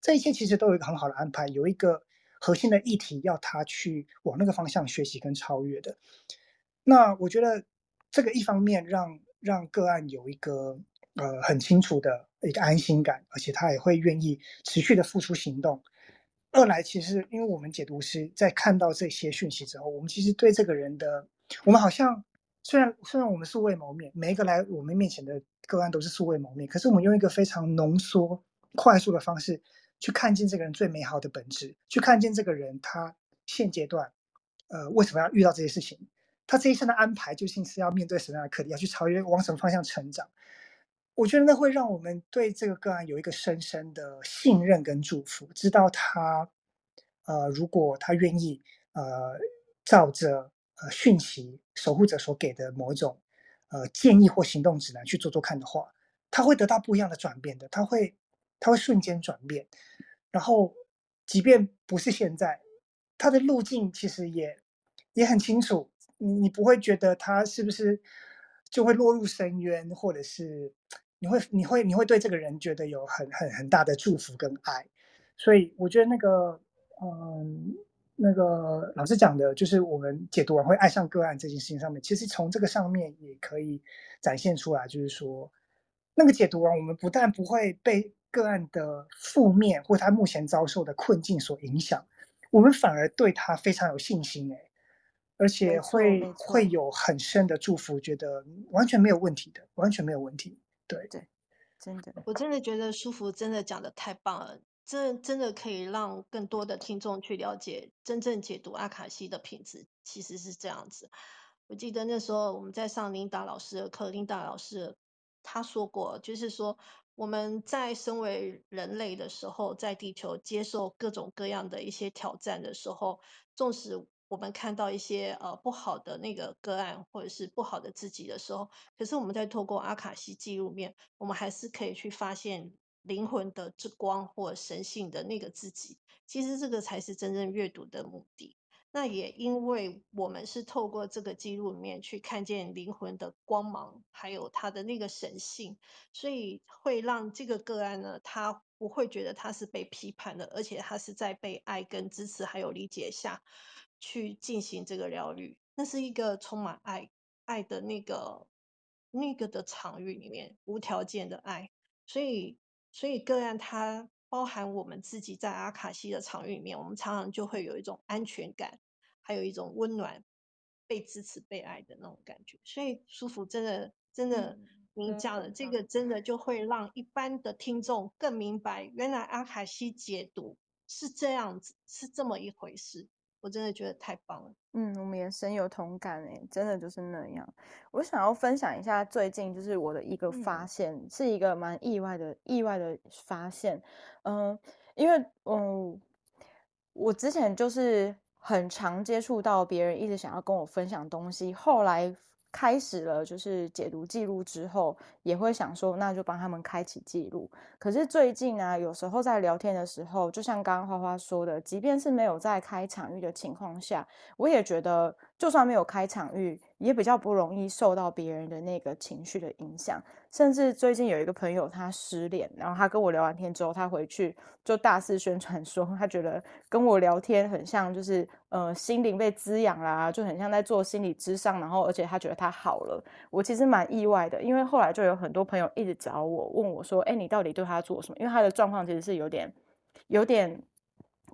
這一切其實都有一個很好的安排，有一個核心的議題，要他去往那個方向學習跟超越的。那我覺得這個一方面讓讓個案有一個呃很清楚的一個安心感，而且他也會願意持續的付出行動。二來，其實因為我們解讀師在看到這些訊息之後，我們其實對這個人的，我們好像。雖然雖然我們素未謀面，每一個來我們面前的個案都是素未謀面，可是我們用一個非常濃縮、快速的方式去看見這個人最美好的本質，去看見這個人他現階段，呃，為什麼要遇到這些事情？他這一生的安排究竟是要面對什麼樣的課題？要去超越往什麼方向成長？我覺得那會讓我們對這個個案有一個深深的信任跟祝福，知道他，呃，如果他願意，呃，照着。呃，訊息守護者所給的某種，呃，建議或行動指南去做做看的話，他會得到不一樣的轉變的，他會，他會瞬間轉變，然後，即便不是現在，他的路徑其實也也很清楚，你你不會覺得他是不是就會落入深淵，或者是你會你會你會對這個人覺得有很很很大的祝福跟愛，所以我覺得那個嗯。那個老師講的，就是我們解讀完會愛上個案這件事情上面，其實從這個上面也可以展現出來，就是說，那個解讀完，我們不但不會被個案的負面或他目前遭受的困境所影響，我們反而對他非常有信心誒、欸，而且會會有很深的祝福，覺得完全沒有問題的，完全沒有問題。對對，真的，我真的覺得書甫，真的講得太棒了。真真的可以讓更多的聽眾去了解，真正解讀阿卡西的品質其實是這樣子。我記得那時候我們在上琳達老師的課，琳達老師他說過，就是說我們在身為人類的時候，在地球接受各種各樣的一些挑戰的時候，縱使我們看到一些呃不好的那個個案或者是不好的自己的時候，可是我們在透過阿卡西記錄面，我們還是可以去發現。靈魂的之光或神性的那個自己，其實這個才是真正閱讀的目的。那也因為我們是透過這個記錄裡面去看見靈魂的光芒，還有他的那個神性，所以會讓這個個案呢，他不會覺得他是被批判的，而且他是在被愛跟支持還有理解下去進行這個療癒。那是一個充滿愛愛的那個那個的場域裡面無條件的愛，所以。所以，個案他包含我們自己在阿卡西的場域裡面，我們常常就會有一種安全感，還有一種溫暖、被支持、被愛的那種感覺，所以書甫，真的，真的，您講、嗯、的、嗯、這個，真的就會讓一般的聽眾更明白，原來阿卡西解讀是這樣子，是這麼一回事。我真的覺得太棒了。嗯，我們也深有同感哎、欸，真的就是那樣。我想要分享一下最近，就是我的一個發現，嗯、是一個蠻意外的意外的發現。嗯、呃，因為嗯，我之前就是很常接觸到別人一直想要跟我分享東西，後來。開始了，就是解讀記錄之後，也會想說，那就幫他們開啟記錄。可是最近呢、啊，有時候在聊天的時候，就像剛剛花花說的，即便是沒有在開場域的情況下，我也覺得。就算沒有開場域，也比較不容易受到別人的那個情緒的影響。甚至最近有一個朋友他失戀，然後他跟我聊完天之後，他回去就大肆宣傳說，他覺得跟我聊天很像，就是呃心靈被滋養啦、啊，就很像在做心理諮商。然後而且他覺得他好了，我其實蠻意外的，因為後來就有很多朋友一直找我問我說，哎、欸，你到底對他做什麼？因為他的狀況其實是有點，有點。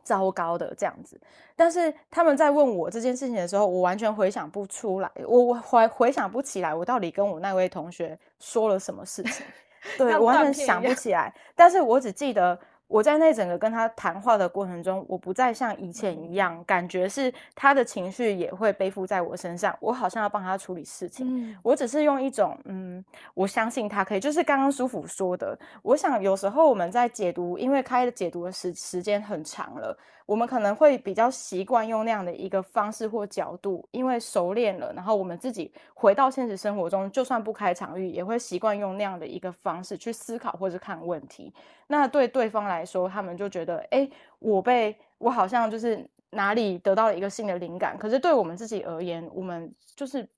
糟糕的這樣子，但是他們在問我這件事情的時候，我完全回想不出來，我回回想不起來，我到底跟我那位同學說了什麼事情？ 對，我完全想不起來，但是我只記得。我在那整個跟他談話的過程中，我不再像以前一樣，感覺是他的情緒也會背負在我身上，我好像要幫他處理事情。嗯、我只是用一種，嗯，我相信他可以。就是剛剛書甫說的，我想有時候我們在解讀，因為開解讀的時時間很長了。我們可能會比較習慣用那樣的一個方式或角度，因為熟練了，然後我們自己回到現實生活中，就算不開場域，也會習慣用那樣的一個方式去思考或是看問題。那對對方來說，他們就覺得，哎，我被我好像就是哪裡得到了一個新的靈感。可是對我們自己而言，我們就是，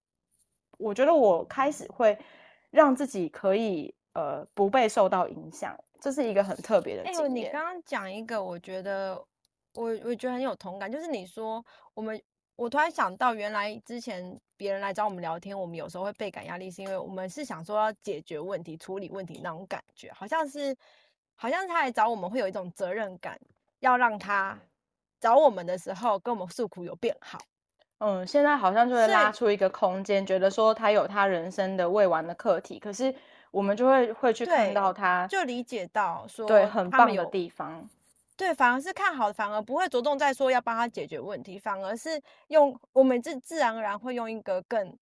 我覺得我開始會讓自己可以呃不被受到影響，這是一個很特別的經驗。哎呦，你剛剛講一個，我覺得。我我覺得很有同感，就是你說我們，我突然想到，原來之前別人來找我們聊天，我們有時候會倍感壓力，是因為我們是想說要解決問題、處理問題那種感覺，好像是好像是他來找我們會有一種責任感，要讓他找我們的時候跟我們訴苦有變好。嗯，現在好像就會拉出一個空間，是覺得說他有他人生的未完的課題，可是我們就會會去看到他，就理解到說對很棒的有地方。對，反而是看好的，反而不會着重在說要幫他解決問題，反而是用我們自自然而然會用一個更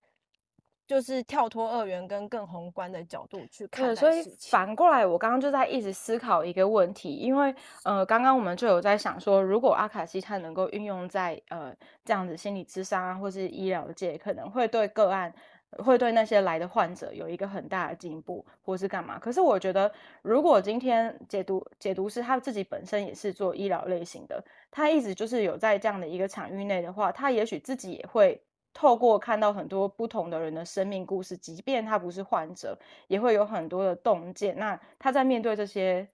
就是跳脫二元跟更宏觀的角度去看。對，所以反過來，我剛剛就在一直思考一個問題，因為呃，剛剛我們就有在想說，如果阿卡西他能夠運用在呃這樣子心理諮商啊，或是醫療的界，可能會對個案。會對那些來的患者有一個很大的進步，或是幹嘛？可是我覺得，如果今天解讀解讀師他自己本身也是做醫療類型的，他一直就是有在這樣的一個場域內的話，他也許自己也會透過看到很多不同的人的生命故事，即便他不是患者，也會有很多的洞見。那他在面對這些。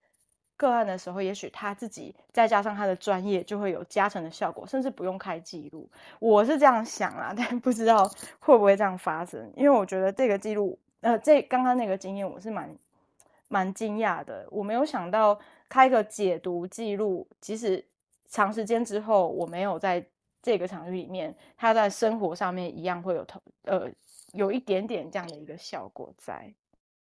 個案的時候，也許他自己再加上他的專業，就會有加成的效果，甚至不用開記錄。我是這樣想啦、啊，但不知道會不會這樣發生，因為我覺得這個記錄，呃，這剛剛那個經驗，我是蠻蠻驚訝的，我沒有想到開個解讀記錄，其實長時間之後，我沒有在這個場域裡面，他在生活上面一樣會有投，呃，有一點點這樣的一個效果在。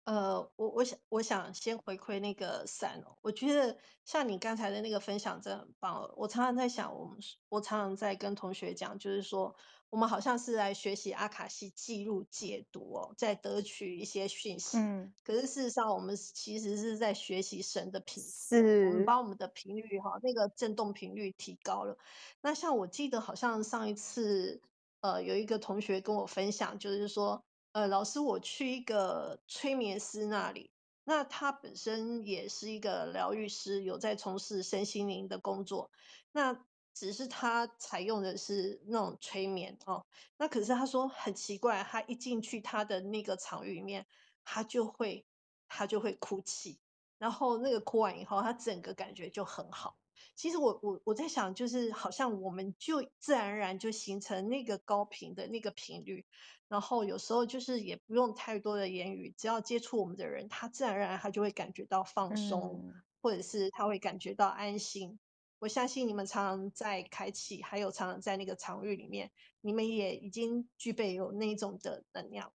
呃，我我想我想先回饋那個閃妮哦，我覺得像你剛才的那個分享真的很棒哦。我常常在想，我們我常常在跟同學講，就是說我們好像是來學習阿卡西記錄解讀哦，在得取一些訊息。嗯。可是事實上，我們其實是在學習神的品質。是我們把我們的頻率哈哦，那個震動頻率提高了。那像我記得好像上一次，呃，有一個同學跟我分享，就是說。呃，老師，我去一個催眠師那裡，那他本身也是一個療癒師，有在從事身心靈的工作，那只是他採用的是那種催眠哦。那可是他說很奇怪，他一進去他的那個場域裡面，他就會，他就會哭泣，然後那個哭完以後，他整個感覺就很好。其實我我我在想，就是好像我們就自然而然就形成那個高頻的那個頻率，然後有時候就是也不用太多的言語，只要接觸我們的人，他自然而然他就會感覺到放鬆，嗯、或者是他會感覺到安心。我相信你們常常在開啟，還有常常在那個場域裡面，你們也已經具備有那一種的能量。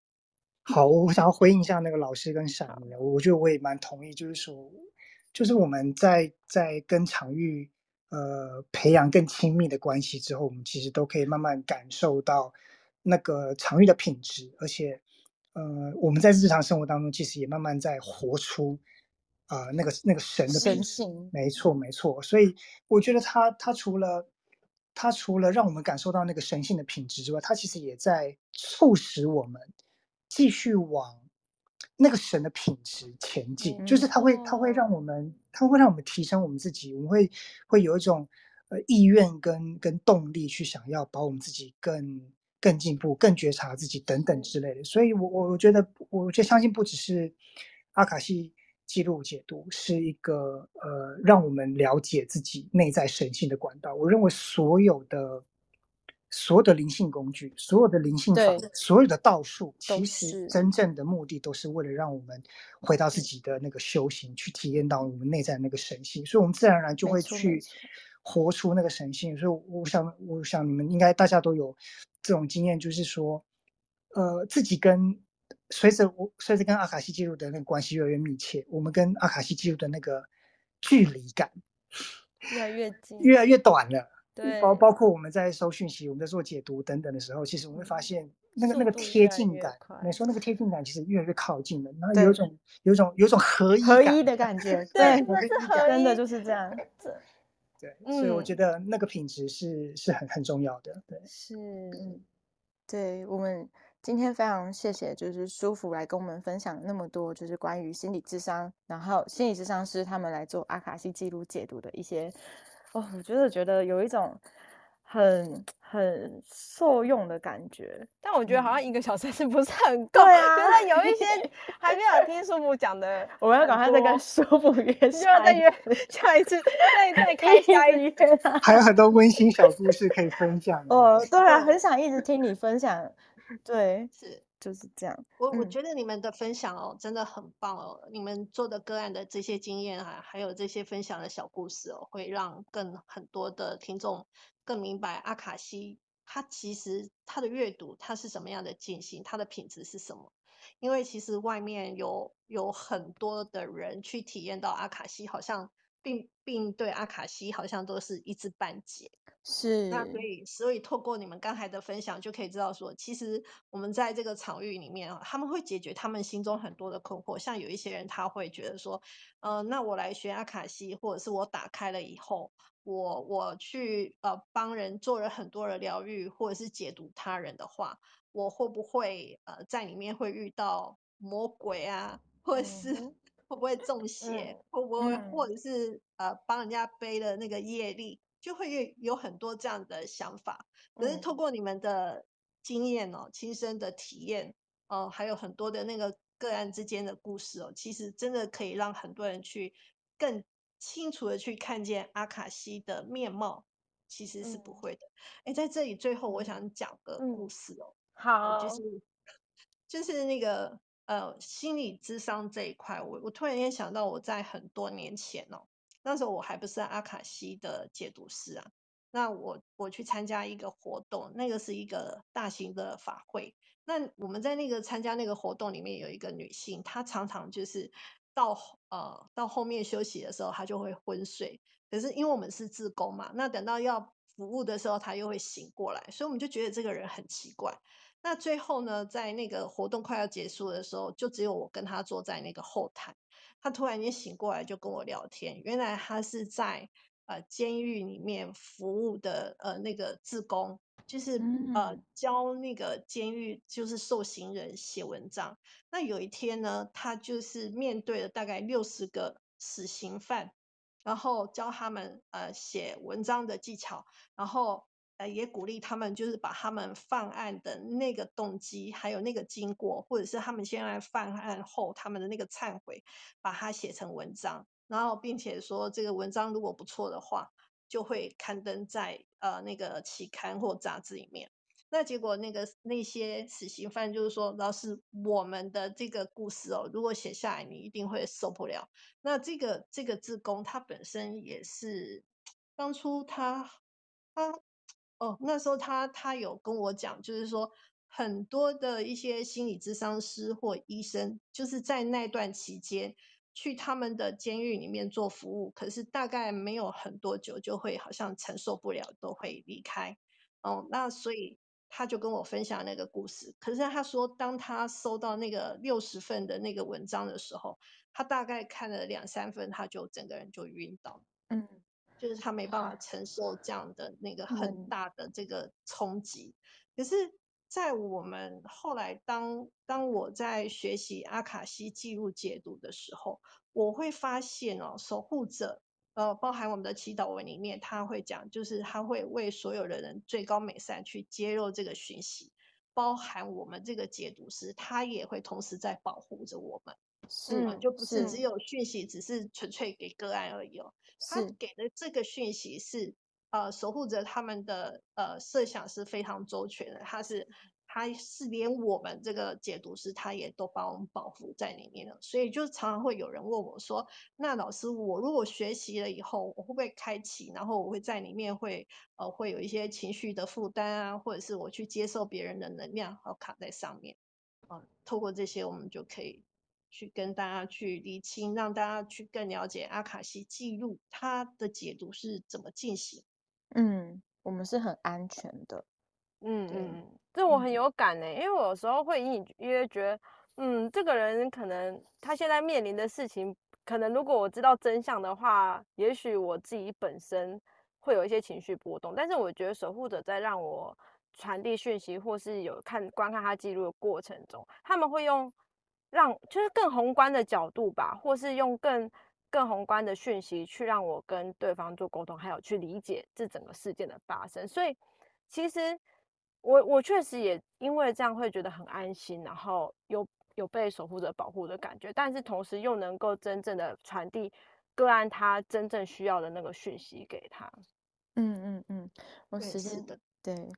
好，我想要回應一下那個老師跟小，我覺得我也蠻同意，就是說，就是我們在在跟場域呃培養更親密的關係之後，我們其實都可以慢慢感受到那個場域的品質，而且，呃我們在日常生活當中其實也慢慢在活出啊、呃、那個那個神的本性，沒錯沒錯。所以我覺得他他除了他除了讓我們感受到那個神性的品質之外，他其實也在促使我們繼續往。那個神的品質前進，就是他會，它會讓我們，它會讓我們提升我們自己，我們會會有一種呃意願跟跟動力去想要把我們自己更更進步、更覺察自己等等之類的。所以我，我我我覺得，我我相信不只是阿卡西記錄解讀是一個呃讓我們了解自己內在神性的管道。我認為所有的。所有的靈性工具，所有的靈性法，對所有的道術，其實真正的目的都是為了讓我們回到自己的那個修行，對去體驗到我們內在那個神性。所以，我們自然而然就會去活出那個神性。所以，我想，我想你們應該大家都有這種經驗，就是說，呃，自己跟隨着我，隨着跟阿卡西記錄的那個關係越來越密切，我們跟阿卡西記錄的那個距離感越來越近，越來越短了。包對包括我們在收訊息，我們在做解讀等等的時候，其實我們會發現那個、嗯、那個貼近感，你說那個貼近感其實越來越靠近了，然後有種對有種有，種，有種合一合一的感覺，對，合對是合一，真的就是這樣。對，對，所以我覺得那個品質是、嗯、是很很重要的。對，是，對，我們今天非常謝謝，就是書甫來跟我們分享那麼多，就是關於心理諮商，然後心理諮商師他們來做阿卡西記錄解讀的一些。哦，oh, 我真的覺得有一種很很受用的感覺，但我覺得好像一個小時是不是很夠？覺得、嗯啊、有一些還沒有聽書甫講的， 我們要趕快再跟書甫約，希望再約下一次，對對，可以下一, 一直還有很多溫馨小故事可以分享的。哦， oh, 對啊，很想一直聽你分享，對， 是。就是這樣，嗯。我我覺得你們的分享哦，真的很棒哦。你們做的個案的這些經驗啊，還有這些分享的小故事哦，會讓更很多的聽眾更明白阿卡西，它其實它的閱讀它是什麼樣的進行，它的品質是什麼。因為其實外面有有很多的人去體驗到阿卡西，好像。並並對阿卡西好像都是一知半解，是，那所以所以透過你們剛才的分享，就可以知道說，其實我們在這個場域裡面啊，他們會解決他們心中很多的困惑。像有一些人他會覺得說，嗯、呃，那我來學阿卡西，或者是我打開了以後，我我去呃幫人做了很多的療癒，或者是解讀他人的話，我會不會呃在裡面會遇到魔鬼啊，或者是、嗯？會不會中邪？嗯、會不會，嗯、或者是呃，幫人家背了那個業力，就會有很多這樣的想法。可是透過你們的經驗哦，嗯、親身的體驗哦、呃，還有很多的那個個案之間的故事哦，其實真的可以讓很多人去更清楚的去看見阿卡西的面貌。其實是不會的。哎、嗯，在這裡最後我想講個故事哦，嗯、好、呃，就是就是那個。呃，心理諮商這一塊，我我突然間想到，我在很多年前哦，那時候我還不是阿卡西的解讀師啊。那我我去參加一個活動，那個是一個大型的法會。那我們在那個參加那個活動裡面，有一個女性，她常常就是到呃到後面休息的時候，她就會昏睡。可是因為我們是志工嘛，那等到要服務的時候，她又會醒過來，所以我們就覺得這個人很奇怪。那最後呢，在那個活動快要結束的時候，就只有我跟他坐在那個後台。他突然間醒過來，就跟我聊天。原來他是在呃監獄裡面服務的呃那個志工，就是呃教那個監獄就是受刑人寫文章。那有一天呢，他就是面對了大概六十個死刑犯，然後教他們呃寫文章的技巧，然後。也鼓勵他們，就是把他們犯案的那個動機，還有那個經過，或者是他們現在犯案後他們的那個懺悔，把它寫成文章，然後並且說這個文章如果不錯的話，就會刊登在呃那個期刊或雜誌裡面。那結果那個那些死刑犯就是說，老師，我們的這個故事哦，如果寫下來，你一定會受不了。那這個這個志工，它本身也是當初他他。哦，那時候他他有跟我講，就是說很多的一些心理諮商師或醫生，就是在那段期間去他們的監獄裡面做服務，可是大概沒有很多久就會好像承受不了，都會離開。哦，那所以他就跟我分享那個故事。可是他說，當他收到那個六十份的那個文章的時候，他大概看了兩三份，他就整個人就暈倒。嗯。就是他沒辦法承受這樣的那個很大的這個衝擊。嗯、可是，在我們後來當當我在學習阿卡西記錄解讀的時候，我會發現哦，守護者，呃，包含我們的祈禱文裡面，他會講，就是他會為所有的人最高美善去揭露這個訊息。包含我們這個解讀師，他也會同時在保護着我們，是、嗯，就不是只有訊息，是只是純粹給個案而已哦。是，給的這個訊息是，是呃，守護者他們的呃設想是非常周全的，他是，他是連我們這個解讀師他也都把我們保護在裡面了，所以就常常會有人問我說，那老師，我如果學習了以後，我會不會開啟？然後我會在裡面會，呃，會有一些情緒的負擔啊，或者是我去接受別人的能量好，然後卡在上面？啊、嗯，透過這些我們就可以。去跟大家去理清，讓大家去更了解阿卡西記錄，它的解讀是怎麼進行。嗯，我們是很安全的。嗯嗯，嗯對嗯，這我很有感呢，欸，因為我有時候會隱隱約約覺得，嗯，這個人可能他現在面臨的事情，可能如果我知道真相的話，也許我自己本身會有一些情緒波動。但是我覺得守護者在讓我傳遞訊息，或是有看觀看他記錄的過程中，他們會用。讓就是更宏觀的角度吧，或是用更更宏觀的訊息去讓我跟對方做溝通，還有去理解這整個事件的發生。所以其實我我確實也因為這樣會覺得很安心，然後有有被守護者保護的感覺，但是同時又能夠真正的傳遞個案他真正需要的那個訊息給他。嗯嗯嗯，我理解的對。對。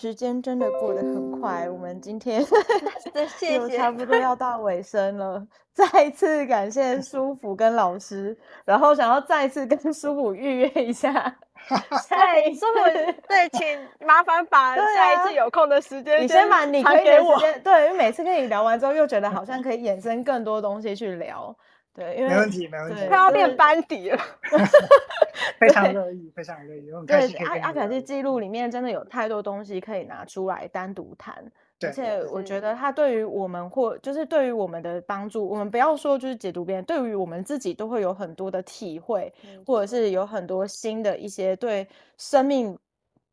時間真的過得很快，我們今天就 差不多要到尾聲了。再一次感謝書甫跟老師，然後想要再一次跟書甫預約一下。 對，書甫， 對，請麻煩把、啊、下一次有空的時間，你先把你可以的時間給我，對，因為每次跟你聊完之後，又覺得好像可以衍生更多東西去聊。對，因為沒問題，沒問題。他要練班底了，對 非常樂意，對非常樂意。我樂意對，阿，阿卡西記錄裡面真的有太多東西可以拿出來單獨談。對，而且我覺得他對於我們或對、就是、就是對於我們的幫助，我們不要說就是解讀別人，對於我們自己都會有很多的體會，對或者是有很多新的一些對生命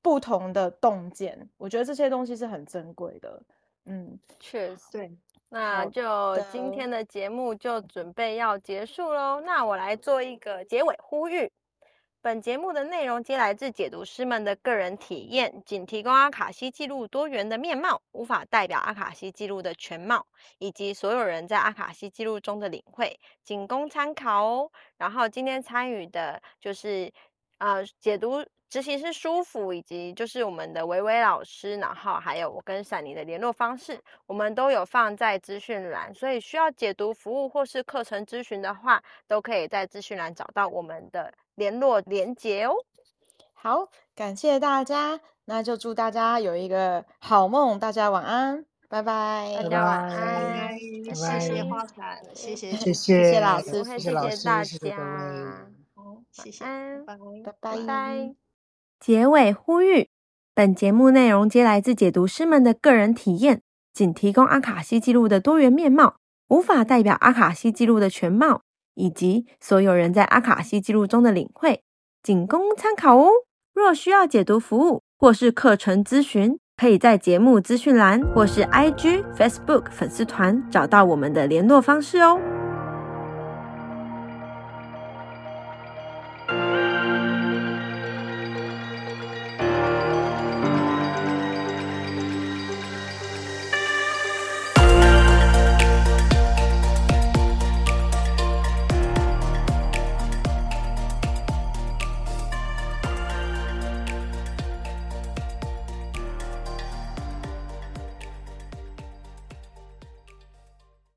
不同的洞見。我覺得這些東西是很珍貴的。嗯，確實對。那就今天的節目就準備要結束嘍。好的。那我來做一個結尾呼籲，本節目的內容皆來自解讀師們的個人體驗，僅提供阿卡西紀錄多元的面貌，無法代表阿卡西紀錄的全貌，以及所有人在阿卡西紀錄中的領會，僅供參考哦。然後今天參與的就是啊、呃、解讀。執行師書甫，以及就是我們的薇薇老師，然後還有我跟閃妮的聯絡方式，我們都有放在資訊欄，所以需要解讀服務或是課程諮詢的話，都可以在資訊欄找到我們的聯絡連結哦。好，感謝大家，那就祝大家有一個好夢，大家晚安，拜拜，拜拜。大家晚安，拜拜。謝謝花傘，謝謝謝謝，謝謝老師，謝謝，老師謝謝大家，拜拜、嗯、謝謝拜拜。結尾呼籲：本節目內容皆來自解讀師們的個人體驗，僅提供阿卡西記錄的多元面貌，無法代表阿卡西記錄的全貌，以及所有人在阿卡西記錄中的領會，僅供參考哦。若需要解讀服務或是課程諮詢，可以在節目資訊欄或是 IG、Facebook 粉絲團找到我們的聯絡方式哦。